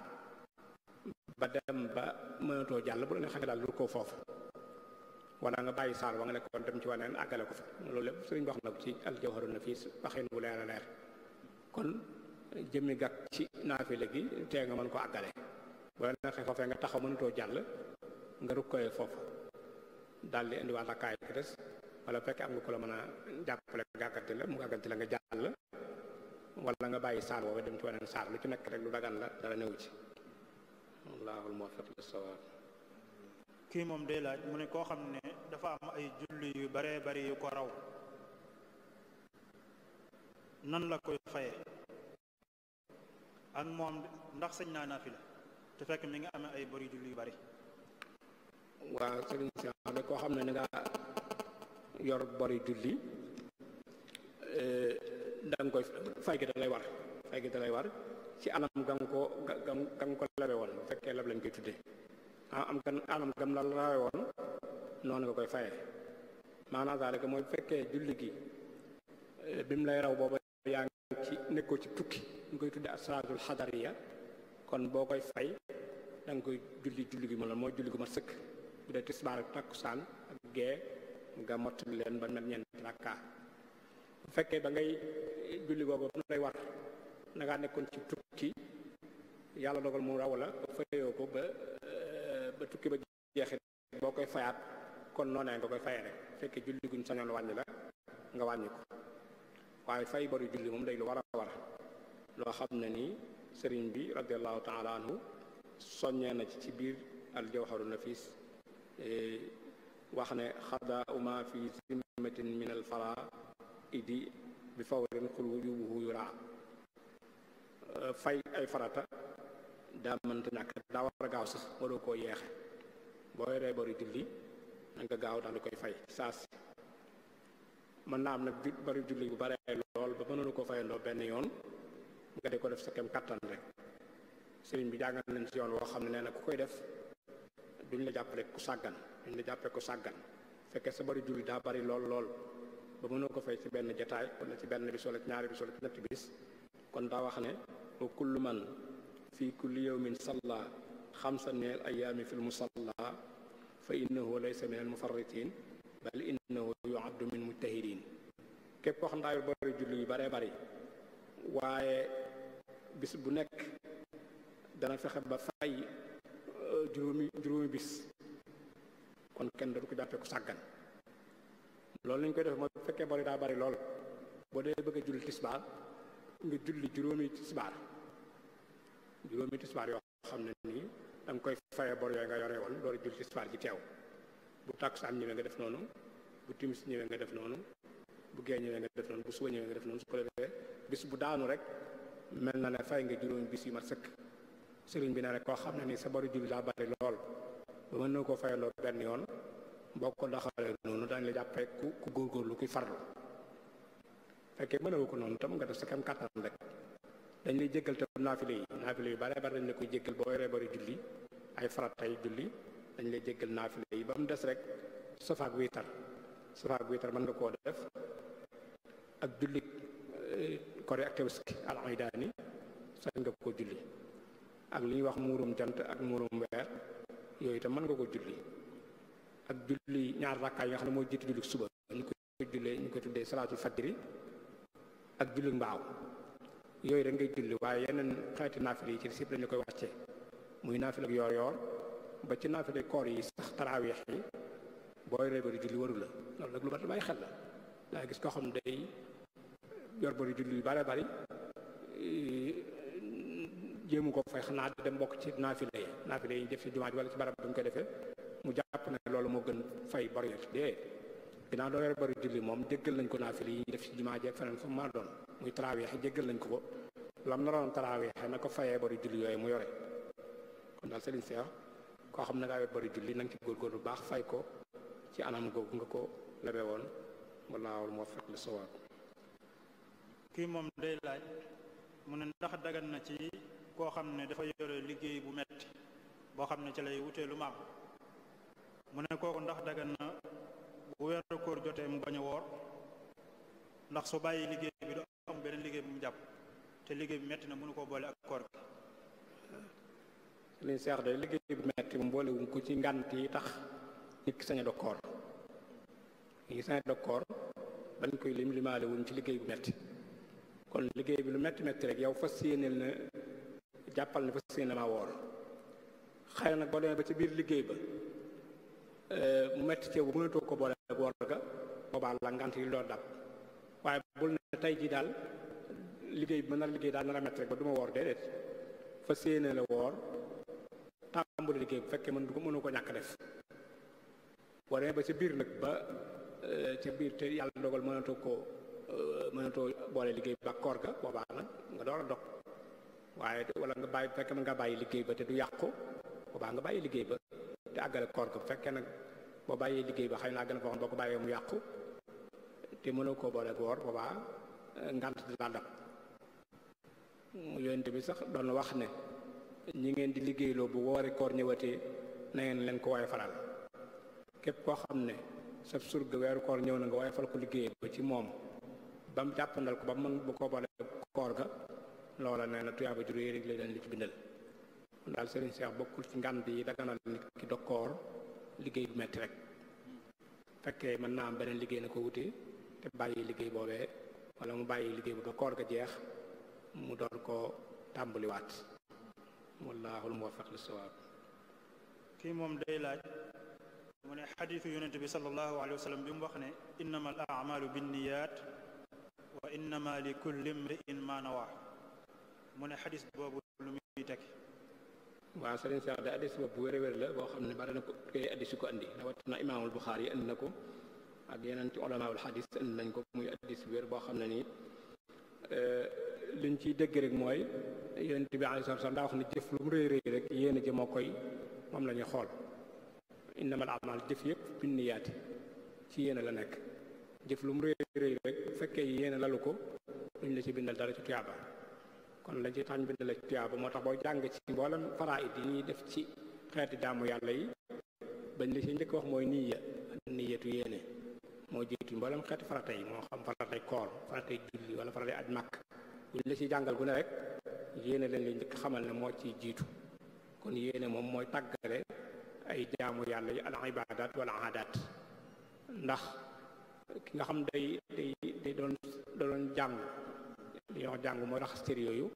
ba dem ba mënatoo jàll bu la neexee nga daal rukkoo foofa wala nga bàyyi saal wa nga nekkoon dem ci waneen àggale ko fa loolu lépp sëriñ wax na ko ci aljawharu nafiis waxeen wu leer a leer kon jëmmi gàkk ci naafile gi tee nga mën ko àggale wala neexee foofee nga taxaw mënutoo jàll nga rukkooyee foofu daal di indiwaat rakkaay bi des wala fekk am nga ko la mën a jàppale gàgganti la mu gàggante la nga jàll wala nga bàyyi saal woowu dem ci waneen saal lu ci nekk rek lu dagan la dara newu ci wallaahul muwaffiq lis-sawaab kii moom de laaj mu ne koo xam ne dafa am ay julli yu baree bari yu ko raw nan la koy faye ak moom ndax sëñ naa naafila te fekk mi nga amee ay bari julli yu bari waaw sëriñ si de koo xam ne ni nga yor bari julli eh, danga koy fay gi da lay war da lay war ci anam ga nga ko ga nga ko lebe woon bu fekkee leb lañ koy tuddee Ah, am gan anam gam la rawe woon noonu nga koy faye maanaam zalika mooy fekkee julli gi eh, bi mu lay raw booba yaa ngi ci nekkoo ci tukki ñu koy tudde asalaatul xadariya kon boo koy fay da koy julli julli gi mu la mooy julli gu ma sëkk bu dee tisbaar ak takkusaan ak gee nga mottali leen ba mel ñeenti rakka bu fekkee ba ngay eh, julli googu bu lay war da nekkoon ci tukki yàlla dogal mu raw la fayoo ko ba eh, ba tukki ba jeexit boo koy fayaat kon noonee nga koy fayee rek fekkee julli guñ sañoon wàññi la nga wàññi ko waaye fay baru julli moom day lu war a war loo xam ne nii sëriñ bi radiallahu taala soññee na ci ci biir al jawharu nafis eh, wax ne xada uma fi zimmatin min al idi bi fawrin xul yubuhu yuraa eh, fay ay farata daa mënta ñàkk daa war a gaaw sax waroo koo yeexe boo yoree bari julli na nga gaaw daal di koy fay saa si mën naa am nag bari julli bu baree lool ba mënoonu koo fayandoo benn yoon nga ko def sa kattan rek sëriñ bi jàngal nañ ci yoon woo xam ne nee na ku koy def duñ la jàppale ku sàggan duñ la jàppale ku sàggan fekkee sa bari julli daa bari lool lool ba mënoo ko fay ci benn jataay wala ci benn bis wala ci ñaari bis wala ci ñetti bis kon daa wax ne wa kullu man fi kulli yawmin salla xamsan min al ayaami fi lmusalla fa innahu laysa min almufarritin bal innahu yuaddu min mujtahidin képp wax ndaayu bari julli yu baree bari waaye bis bu nekk dana fexe ba fay euh, juróomi juróomi bis kon kenn dootu ko jàppee ku sàggan loolu lañ koy def moo bu fekkee bari daa bari lool boo dee bëgg julli tisbaar nga julli juróomi tisbaar juróomi tisbaar yoo xam ne nii da nga koy faye bor yooyu nga yore woon loolu jul tisbaar ji teew bu takkusaan ñëwee nga def noonu bu timis ñëwee nga def noonu bu gee ñëwee nga def noonu bu suba ñëwee nga def noonu su ko defee bis bu daanu rek mel na ne fay nga juróomi bis yu ma sëkk sëriñ bi ne rek koo xam ne nii sa boru jul daa bari lool ba mën na koo fayaloo benn yoon boo ko doxalee noonu dañ la jàppee ku ku góorgóorlu kuy farlu fekkee mënewoo ko noonu tam nga def sa kem kàttan rek dañ lay jéggal te naafile yi naafile yu bare bare dañ la koy jéggal boo yoree bari julli ay faratay julli dañ lay jéggal naafile yi ba mu des rek safaak wiitar safaak wiitar mën nga koo def ak julli eh, kori ak tabaski al aydaani sañ nga koo julli ak li ñuy wax muurum jant ak muurum weer yooyu itam mën nga ko julli ak julli ñaar rakkaay yi nga xam ne mooy jiitu suba ñu koy jullee ñu koy tuddee salaatul fajri ak julli mbaaw yooyu rek ngay julli waaye yeneen xeeti naafila yi ci sib lañu koy wàcce muy naafila ak yoor yoor ba ci naafila koor yi sax taraaweex yi booy rey bari julli waru la loolu nag lu bari bàyyi gis koo xam ne day yor bari julli yu bare bari jéemu ko fay xanaa dem bokk ci naafila yi naafila yi ñu def ci jumaa wala ci barab bu ñu koy defee mu jàpp na loolu moo gën fay bari dee ginnaaw loo yor bari julli moom déggal nañ ko naafila yi ñu def ci jumaa ji ak feneen fu maa doon muy taraaweexe jéggal nañ ko ko lam naroon taraaweexe na ko fayee bari julli yooyu mu yore kon daal Serigne Cheikh koo xam ne ngaa yor bari julli na nga ci góorgóorlu bu baax fay ko ci anam googu nga ko lebe woon wallaahul muwaffiq li sawaab kii moom day laaj mu ne ndax dagan na ci koo xam ne dafa yore liggéey bu metti boo xam ne ci lay wutee lu maam mu ne kooku ndax dagan na bu weeru koor jotee mu bañ a woor ndax su bàyyi liggéey bi du am beneen liggéey bu mu jàpp te liggéey bi metti na mënu boole ak koor gi liñ seex bu metti moom boole ko ci ngànt yi tax nit ki sañ a koor nit ki sañ koor dañ koy lim limaale wuñ ci liggéey bu metti kon liggéey bi lu metti metti rek yow fas yéeneel na jàppal ne fas yéeneel woor xëy nag boo demee ba ci biir liggéey ba eh, mu metti ceebu mënatoo ko boole ak woor ga boobaa la ngànt yi loo dab waaye bul tey jii daal liggéey bi ma nar a liggéey daal nar a mett rek ba du ma woor déedéet fa séenée la woor tàmbali liggéey bu fekkee mën du ko mënu ko ñàkk def boo demee ba ca biir nag ba euh, ca biir te yàlla dogal mënatoo ko euh, mënatoo boole liggéey ba koor ga boobaa nag nga door a dog wala nga bàyyi bu fekkee mën nga bàyyi liggéey ba te du yàqu boobaa nga bàyyi liggéey ba àggale koor ga bu fekkee nag boo bàyyee liggéey ba xëy naa gën a boo ko bàyyee mu yàqu te mënoo koo boole woor boobaa ngant di la dab yonent bi sax doon wax ne ñi ngeen di liggéeyloo bu woori koor ñëwatee na ngeen leen ko waaye faral képp koo xam ne sa surga weeru koor ñëw na nga waaye fal ko liggéey ba ci moom ba mu jàppandal ko ba mu bu ko bale koor ga loola nee na tuyaaba juru yéeg la leen li ci bindal daal Serigne Cheikh ci ngànd yi daganal nit ki liggéey bu metti rek fekkee mën naa am beneen liggéey na ko wute te bàyyi liggéey boobee wala mu bàyyi liggéey bu ba ko ga jeex mu door koo tàmbaliwaat wallaahul muwaffiq li sawaab kii moom day laaj mu ne xadiisu yonent bi sallallahu alayhi wa bi mu wax ne innama al amalu binniyaat wa ma nawa mu ne xadis boobu lu muy teg waaw sëriñ Seex da hadiis boobu bu wér la boo xam ne bari na ko koy hadiis yu ko andi rawatina imaamul Buxaari yi andi na ko ak yeneen ci olamaawul xadis indi nañ ko muy addis wér boo xam ne nii euh, liñ ciy dégg rek mooy yonent bi aleyhi salaam daa wax ne jëf lu mu rëy rëy rek yéen ji moo koy moom la ñuy xool innamal amal jëf yëpp binniyaati ci yéen la nekk jëf lu mu rëy bu fekkee yéen lalu ko duñ la ci bindal dara ci tuyaaba kon la ci tax ñu bindal ci tuyaaba moo tax boo jàng ci mboolem faraid yi ñuy def ci xeeti jaamu yàlla yi bañ la ci njëkk wax mooy nii niyatu yéene moo jiitu mboolem xeeti farata yi moo xam faratay koor faratay julli wala faratay aj màkk buñ la ci jàngal gu ne rek yéene leen li njëkk xamal ne moo ci jiitu kon yéene moom mooy tàggale ay jaamu yàlla yu al ibadat wala adat ndax ki nga xam day day doon doon jàng li ñoo jàng mooy raxas cër yooyu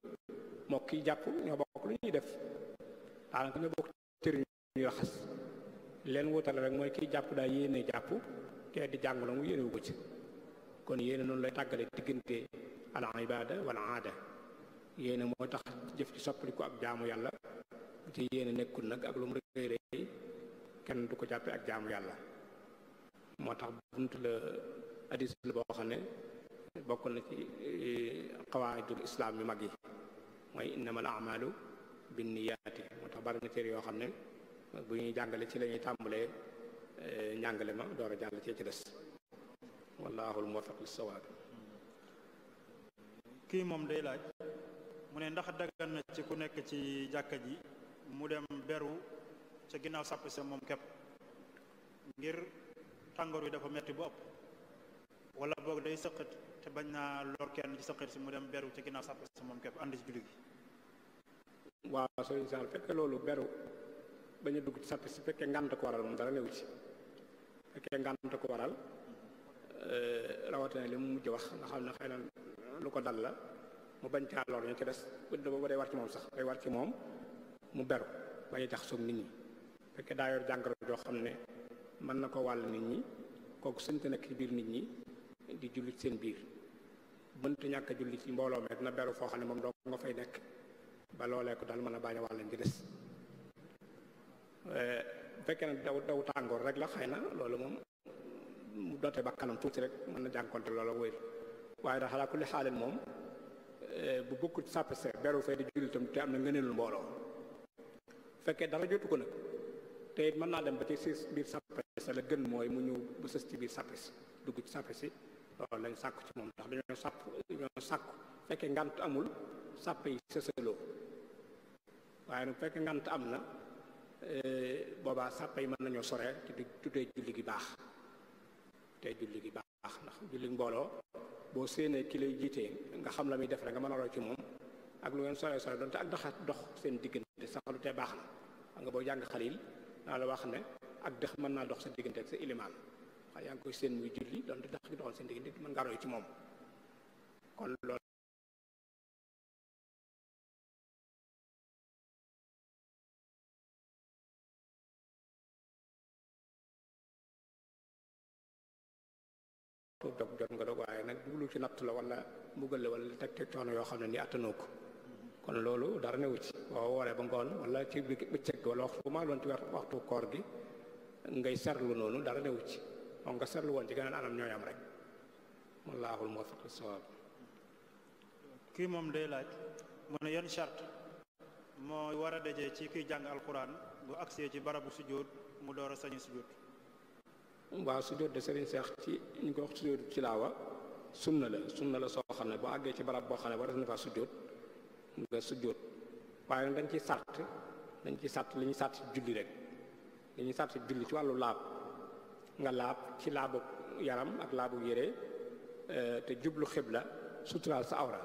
moo kii jàpp ñoo bokk lu ñuy def daanaka ñoo bokk cër ñuy raxas leen wutale rek mooy kii jàpp daa yéene jàpp kee di jàng la mu yéenewu ko ci kon yéene noonu lay tàggale diggante al ibada wal aada yéene moo tax jëf ci soppaliku ak jaamu yàlla ci yéene nekkul nag ak lu mu rëy rëy kenn du ko jàppe ak jaamu yàlla moo tax bunt la hadis la boo xam ne bokk na ci xawaidul eh, islaam yu mag yi mooy innamal amalu binniyaati moo tax bari na yoo xam ne bu ñuy jàngale ci la ñuy Eh, njàngale ma door a jàll cee ci des wallaahul muwaffiq lis sawaab kii moom day laaj mu ne ndax daggan na ci ku nekk ci jàkka ji mu dem beru ca ginnaaw sàpp sa moom képp ngir tàngoor wi dafa metti bu ëpp wala day sëqat te bañ naa lor ci sëqat si mu dem beru ca ginnaaw sàpp sa moom képp ànd ci julli gi waaw soo insaan fekkee loolu beru bañ dugg ci sàpp si fekkee ngànt ko waral moom dara newu ci fekkee ngànt ko waral euh, rawatina li mu mujj wax nga xam ne xëy na lu ko dal la mu bañ caa lor ñu ci des bu boobu day war ci moom sax day war ci moom mu beru bañ a jax soog nit ñi fekkee daa yor jàngoro joo xam ne mën na ko wàll nit ñi kooku sëñte nekk ci biir nit ñi di jullit seen biir mënt ñàkk a jullit ci mbooloo mee na beru foo xam ne moom doo nga fay nekk ba loolee ko daal mën a bañ a wàll ñu ci des euh, bu fekkee nag daw daw tàngoor rek la xëy na loolu moom mu dootee ba kanam tuuti rek mën na jànkoonte loola wéy waaye dax alaa kulli xaalin moom eh, bu bokkul sàppe se beru fee di julli tam te am fekkee dara jotu ko nag te mën naa dem ba ci si biir sàppe se la gën mooy mu ñëw bu sës ci biir sàppe si dugg ci sàppe si loolu lañ sàkku ci moom ndax dañoo sàpp ñoo sàkku fekkee ngant amul sàppe yi sësaloo waaye nag fekkee ngant am na Euh, boobaa sàppa yi mën nañoo sore tuddee julli gi baax te julli gi baax ndax julli mbooloo boo séenee ki lay jiitee nga xam la muy def rek nga man a roy ci moom ak lu ngeen sore sore donte ak dox dox seen diggante sax lu tee baax na xam nga boo jàng xalil naa la wax ne ak dëx mën naa dox sa diggante ak sa ilimaan waaye yaa ngi koy seen muy julli donte dox gi doxal seen diggante mën nga roy ci moom kon loolu lu ci natt la wala mbugal la wala coono yoo xam ne ni attanoo ko kon loolu dara newu ci waaw wooree ba ngoon wala ci bëccëg wala waxtu bu ma doon ci waxtu koor gi ngay seetlu noonu dara newu ci moom nga woon ci geneen ñooy am rek wallaahul muwaffiq lis-sawaab moom day laaj mu ne yan charte moo wara a ci kiy jàng alquran bu agsee ci barabu sujjóot mu door a sañu sujjóot waaw sujjóot de Serigne Cheikh ci ñu ko sujjóot ci laawa sunna la sunna la soo xam ne boo àggee ci barab boo xam ne war na faa sujjóot nga sujjóot waaye nag dañ ci sàtt dañ ci sàtt li ñuy sàtt julli rek li ñuy sàtt ci wàllu laab nga laab ci laabu yaram ak laabu yére euh, te jublu xibla suturaal sa awra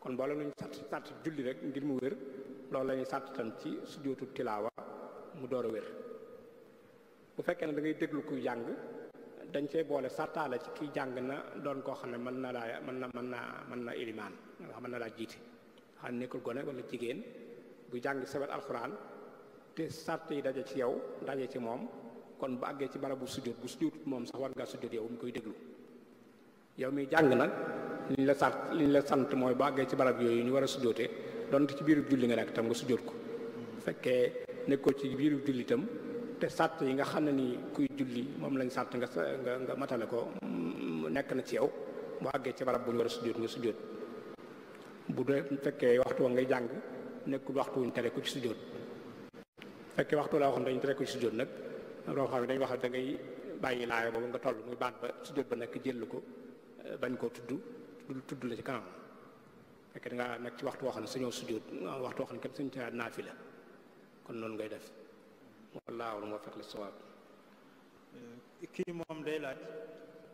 kon boole nañu sàtt sàtt rek ngir mu wér loolu la ñuy sàtt tam ci sujjóotu tilaawa mu door a wér fekkee ne da déglu kuy jàng dañ cee boole sartaala ci ki jàng na doon koo xam ne mën na laa mën na mën naa mën na ilimaan nga mën na laa jiite xam nekkul gone walla jigéen bu jàng sawet alxuraan te sart yi daje ci yow daje ci moom kon bu àggee ci barabu sujjóot bu sujjóotut moom sax war ngaa sujjóot yow mu koy déglu yow mi jàng nag liñ la sart liñ la sant mooy bu àggee ci barab yooyu ñu war a sujjóotee donte ci biiru julli nga nekk tam nga sujjóot ko bu fekkee nekkoo ci biiru julli te sàtt yi nga xam ne ni kuy julli moom lañ sàtt nga nga nga matale ko nekk na ci yow bu àggee ci barab bu ñu war a sujjóot nga sujjóot bu dee fekkee waxtu wa ngay jàng nekkul waxtu wuñ tere ko ci sujjóot fekkee waxtu la waxoon dañu tere ko ci sujjóot nag loo xam ne dañ wax da ngay bàyyi laaya boobu nga toll muy baat ba sujjóot ba nekk jël ko eh, bañ koo tudd tudd la ci kanam fekkee da ngaa ci waxtu woo xam ne suñoo sujjóot waxtu woo xam ne kenn suñu ca naafi la kon noonu ngay def wallaahul muwaffiq li sawaab eh, kii moom day laaj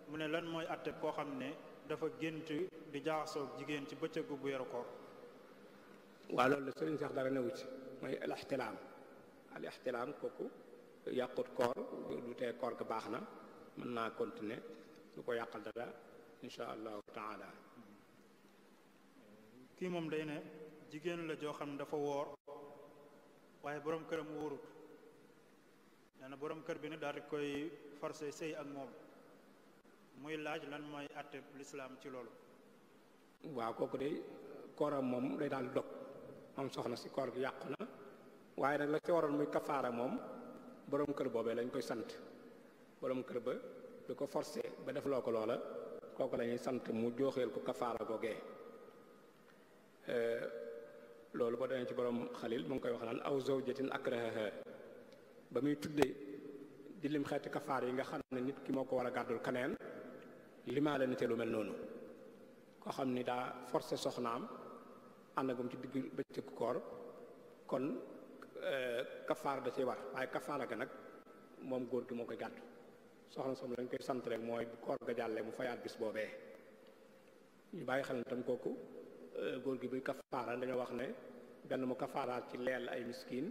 mu ne lan mooy àtte koo xam ne dafa gént di jaaxasoog jigéen ci bëccëgu bu weeru koor waaw sax dara newu ci mooy al ixtilaam kooku yàqut koor du tee koor baax na mën naa continuer lu ko yàqal dara insha allahu taala eh, kii moom day ne jigéen la joo xam ne dafa woor waaye boroom këram wóorut nee na borom kër bi nag daal di koy forcé sëy ak moom muy laaj lan mooy àtte lislaam ci loolu waaw kooku de kooram moom day daal dog moom soxna si koor gi yàqu na waaye nag la ci waroon muy kafaara moom boroom kër boobee lañ koy sant borom kër ba du ko forcé ba def loo ko loola kooku la sant mu jooxeel ko kafaara googee euh, loolu boo demee ci borom xalil mu ngi koy wax naan aw zawjatin akrahaha ba muy tuddee di lim xeeti kafaar yi nga xam ne nit ki moo ko war a gàddul kaneen limaa la nite lu mel noonu koo xam ni daa force soxnaam ànd agum ci digg bëccëgu koor kon euh, kafaar da ciy war waaye nag moom góor gi moo koy gàddu soxna som lañ koy sant rek mooy bu koor ga mu fayaat bis boobee ñu bàyyi xel tam kooku euh, góor gi buy kafaara dañoo wax ne benn mu kafaaraat ci leel ay miskin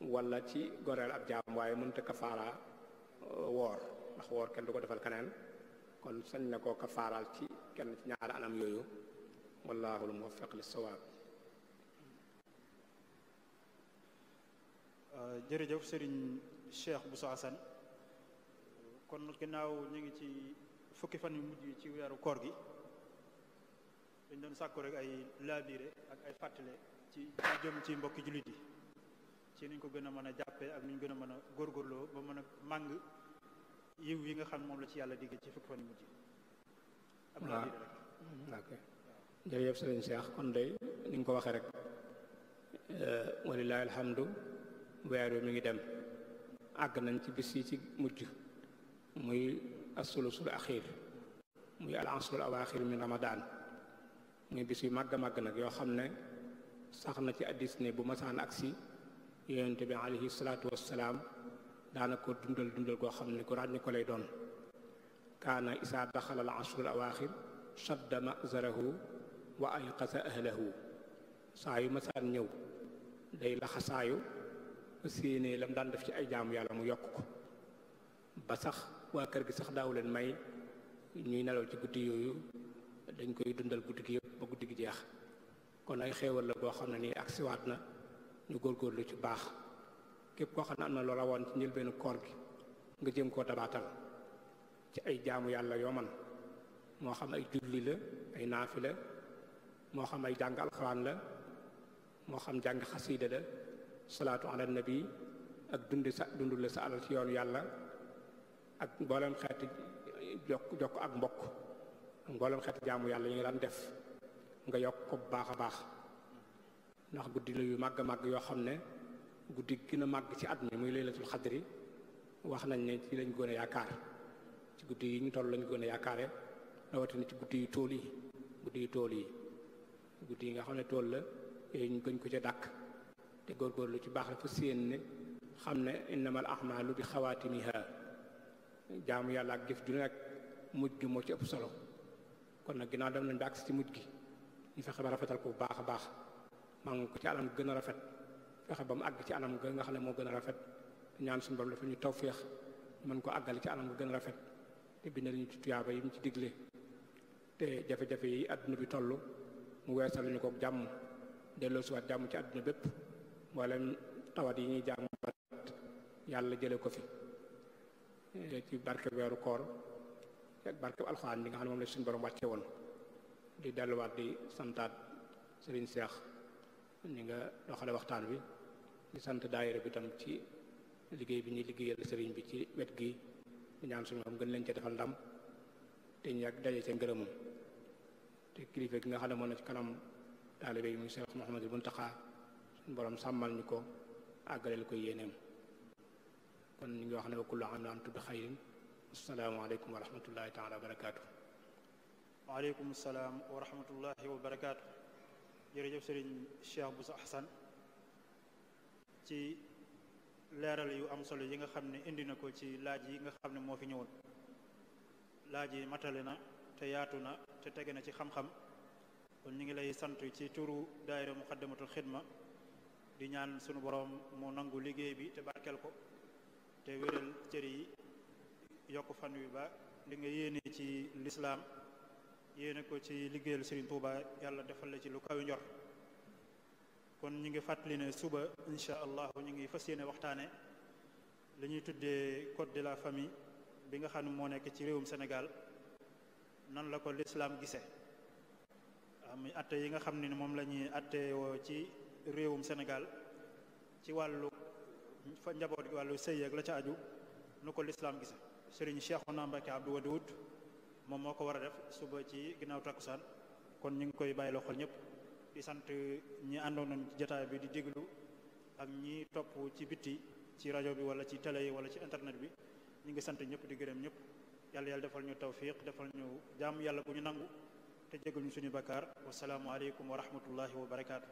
wala ci goreel ab jaam waaye mënta kafaara uh, woor ndax woor kenn du ko defal keneen kon sañ na koo kafaaral ci kenn ci ñaari anam yooyu wallaahul muwaffiq li sawaab uh, jërëjëf sëriñ Cheikh bu Assane kon ginnaaw ñu ngi ci fukki fan yu mujj ci weeru koor gi dañ doon sàkku rek ay laabire ak ay fàttale ci jëm ci mbokki jullit yi ci nuñ ko gën a mën a jàppee ak nuñ gën a mën a góorgóorloo ba mën a màng yiw yi nga xam moom la ci yàlla digg ci fukki fan yu mujj am na rek d'accord mm-hmm. kon day ni nga ko waxee rek euh, walilahi alhamdu weer mi ngi dem àgg nañ ci bis yi ci mujj muy asulusul axir muy al ansul awaaxir min ramadaan muy bis yu màgg a màgg nag yoo xam ne sax na ci addis ne bu masaan agsi yonente bi alayhi salaatu wassalaam daana ko dundal dundal goo xam ne ku ràññi ko lay doon kaana isaa daxala al ashrul awaaxir shadda mazarahu wa ayqasa ahlahu saa yu masaan ñëw day laxasaayu séenée lam daan def ci ay jaamu yàlla mu yokk ko ba sax waa kër gi sax daaw leen may ñuy nelaw ci guddi yooyu dañ koy dundal guddi gi yëpp ba guddi gi jeex kon ay xéewal la boo xam ne nii agsiwaat na ñu góorgóorlu ci baax képp koo xam ne am na loola woon ci njëlbeenu koor gi nga jëm koo dabaatal ci ay jaamu yàlla yoo man moo xam ay julli la ay naafi la moo xam ay jàng alxuraan la moo xam jàng xasiida la salaatu ala nabi ak dundi sa dundule sa alal ci yoonu yàlla ak mboolem xeeti jokk jokk ak mbokk mboolem xeet jaamu yàlla yi nga daan def nga yokk ko bu baax a baax ndax guddi la yu màgg màgg yoo xam ne guddi gën a màgg ci at mi muy laylatul xadri wax nañ ne ci lañ gën yaakaar ci guddi yi ñu toll lañ gën yaakaar yaakaare rawatina ci guddi yu tool yi guddi yu tool yi guddi yi nga xam ne tool la yooyu gën ko ci dàkk te góorgóorlu ci baax la fa séen ne xam ne innamal ahmaalu bi xawaatimiha jaamu yàlla ak jëf ju nekk mujj gi moo ci ëpp solo kon nag ginnaaw dem nañ ba agsi ci mujj gi ñu fexe ba rafetal ko bu baax a baax man ko ci anam gën a rafet fexe ba mu àgg ci anam gën nga xam ne moo gën a rafet ñaan suñu borom dafa ñu feex mën ko àggale ci anam nga gën a rafet te bindal ñu ci tuyaaba yi mu ci digle te jafe-jafe yi àdduna bi toll mu weesal ñu ko jàmm delloo siwaat jàmm ci àdduna bépp mboolem tawaat yi ñuy jàmbat yàlla jële ko fi eh, ci barke weeru koor ak barke alxuraan bi nga xam ne moom la suñu borom wàcce woon di delluwaat di santaat Serigne Cheikh ñi nga doxale waxtaan wi di sant daayira bi tam ci liggéey bi ñuy liggéeyal sëriñ bi ci wet gi di ñaan suñu xam gën leen ca defal ndam te ñu yàgg daje ca ngërëmam te kilifa gi nga xam ne moo na ci kanam taalibe yi muy Cheikh Mouhamadou Mountakha suñu borom sàmmal ñu ko àggaleel ko yéeneem kon ñu ngi wax ne wa kullu aamin wa antum bi xayrin asalaamaaleykum wa rahmatullahi wa barakaatu. jërëjëf sëriñ Cheikh Bousso Ahsan ci leeral yu am solo yi nga xam ne indi na ko ci laaj yi nga xam ne moo fi ñëwoon laaj yi matale na te yaatu na te tege na ci xam-xam kon ñu ngi lay sant ci turu daayira muqaddamatul xidma di ñaan sunu borom mu nangu liggéey bi te barkeel ko te wéral cër yi yokk fan wi ba li nga yéene ci lislaam yéene ko ci liggéeyal Serigne Touba yàlla defal la ci lu kaw njor kon ñu ngi fàttali ne suba incha allah ñu ngi fas yéene waxtaane li ñuy tuddee code de la famille bi nga xam ne moo nekk ci réewum Sénégal nan la ko lislaam gise am atte yi nga xam ne moom la ñuy atte woo ci réewum senegal ci wàllu fa njaboot gi wàllu sëy ak la ca aju nu ko lislaam gise Serigne Cheikhouna Mbacké Abdou Wadoud moom moo ko war a def suba ci ginnaaw takkusaan kon ñu ngi koy bàyyi loo xol ñëpp di sant ñi àndoon nañ ci jataay bi di déglu ak ñi topp ci bitti ci rajo bi wala ci télé yi wala ci internet bi ñu ngi sant ñëpp di gërëm ñëpp yàlla yàlla defal ñu tawfiq defal ñu jàmm yàlla bu ñu nangu te jégal ñu suñu bakkaar wasalaamualeykum wa rahmatullahi wa barakaatu.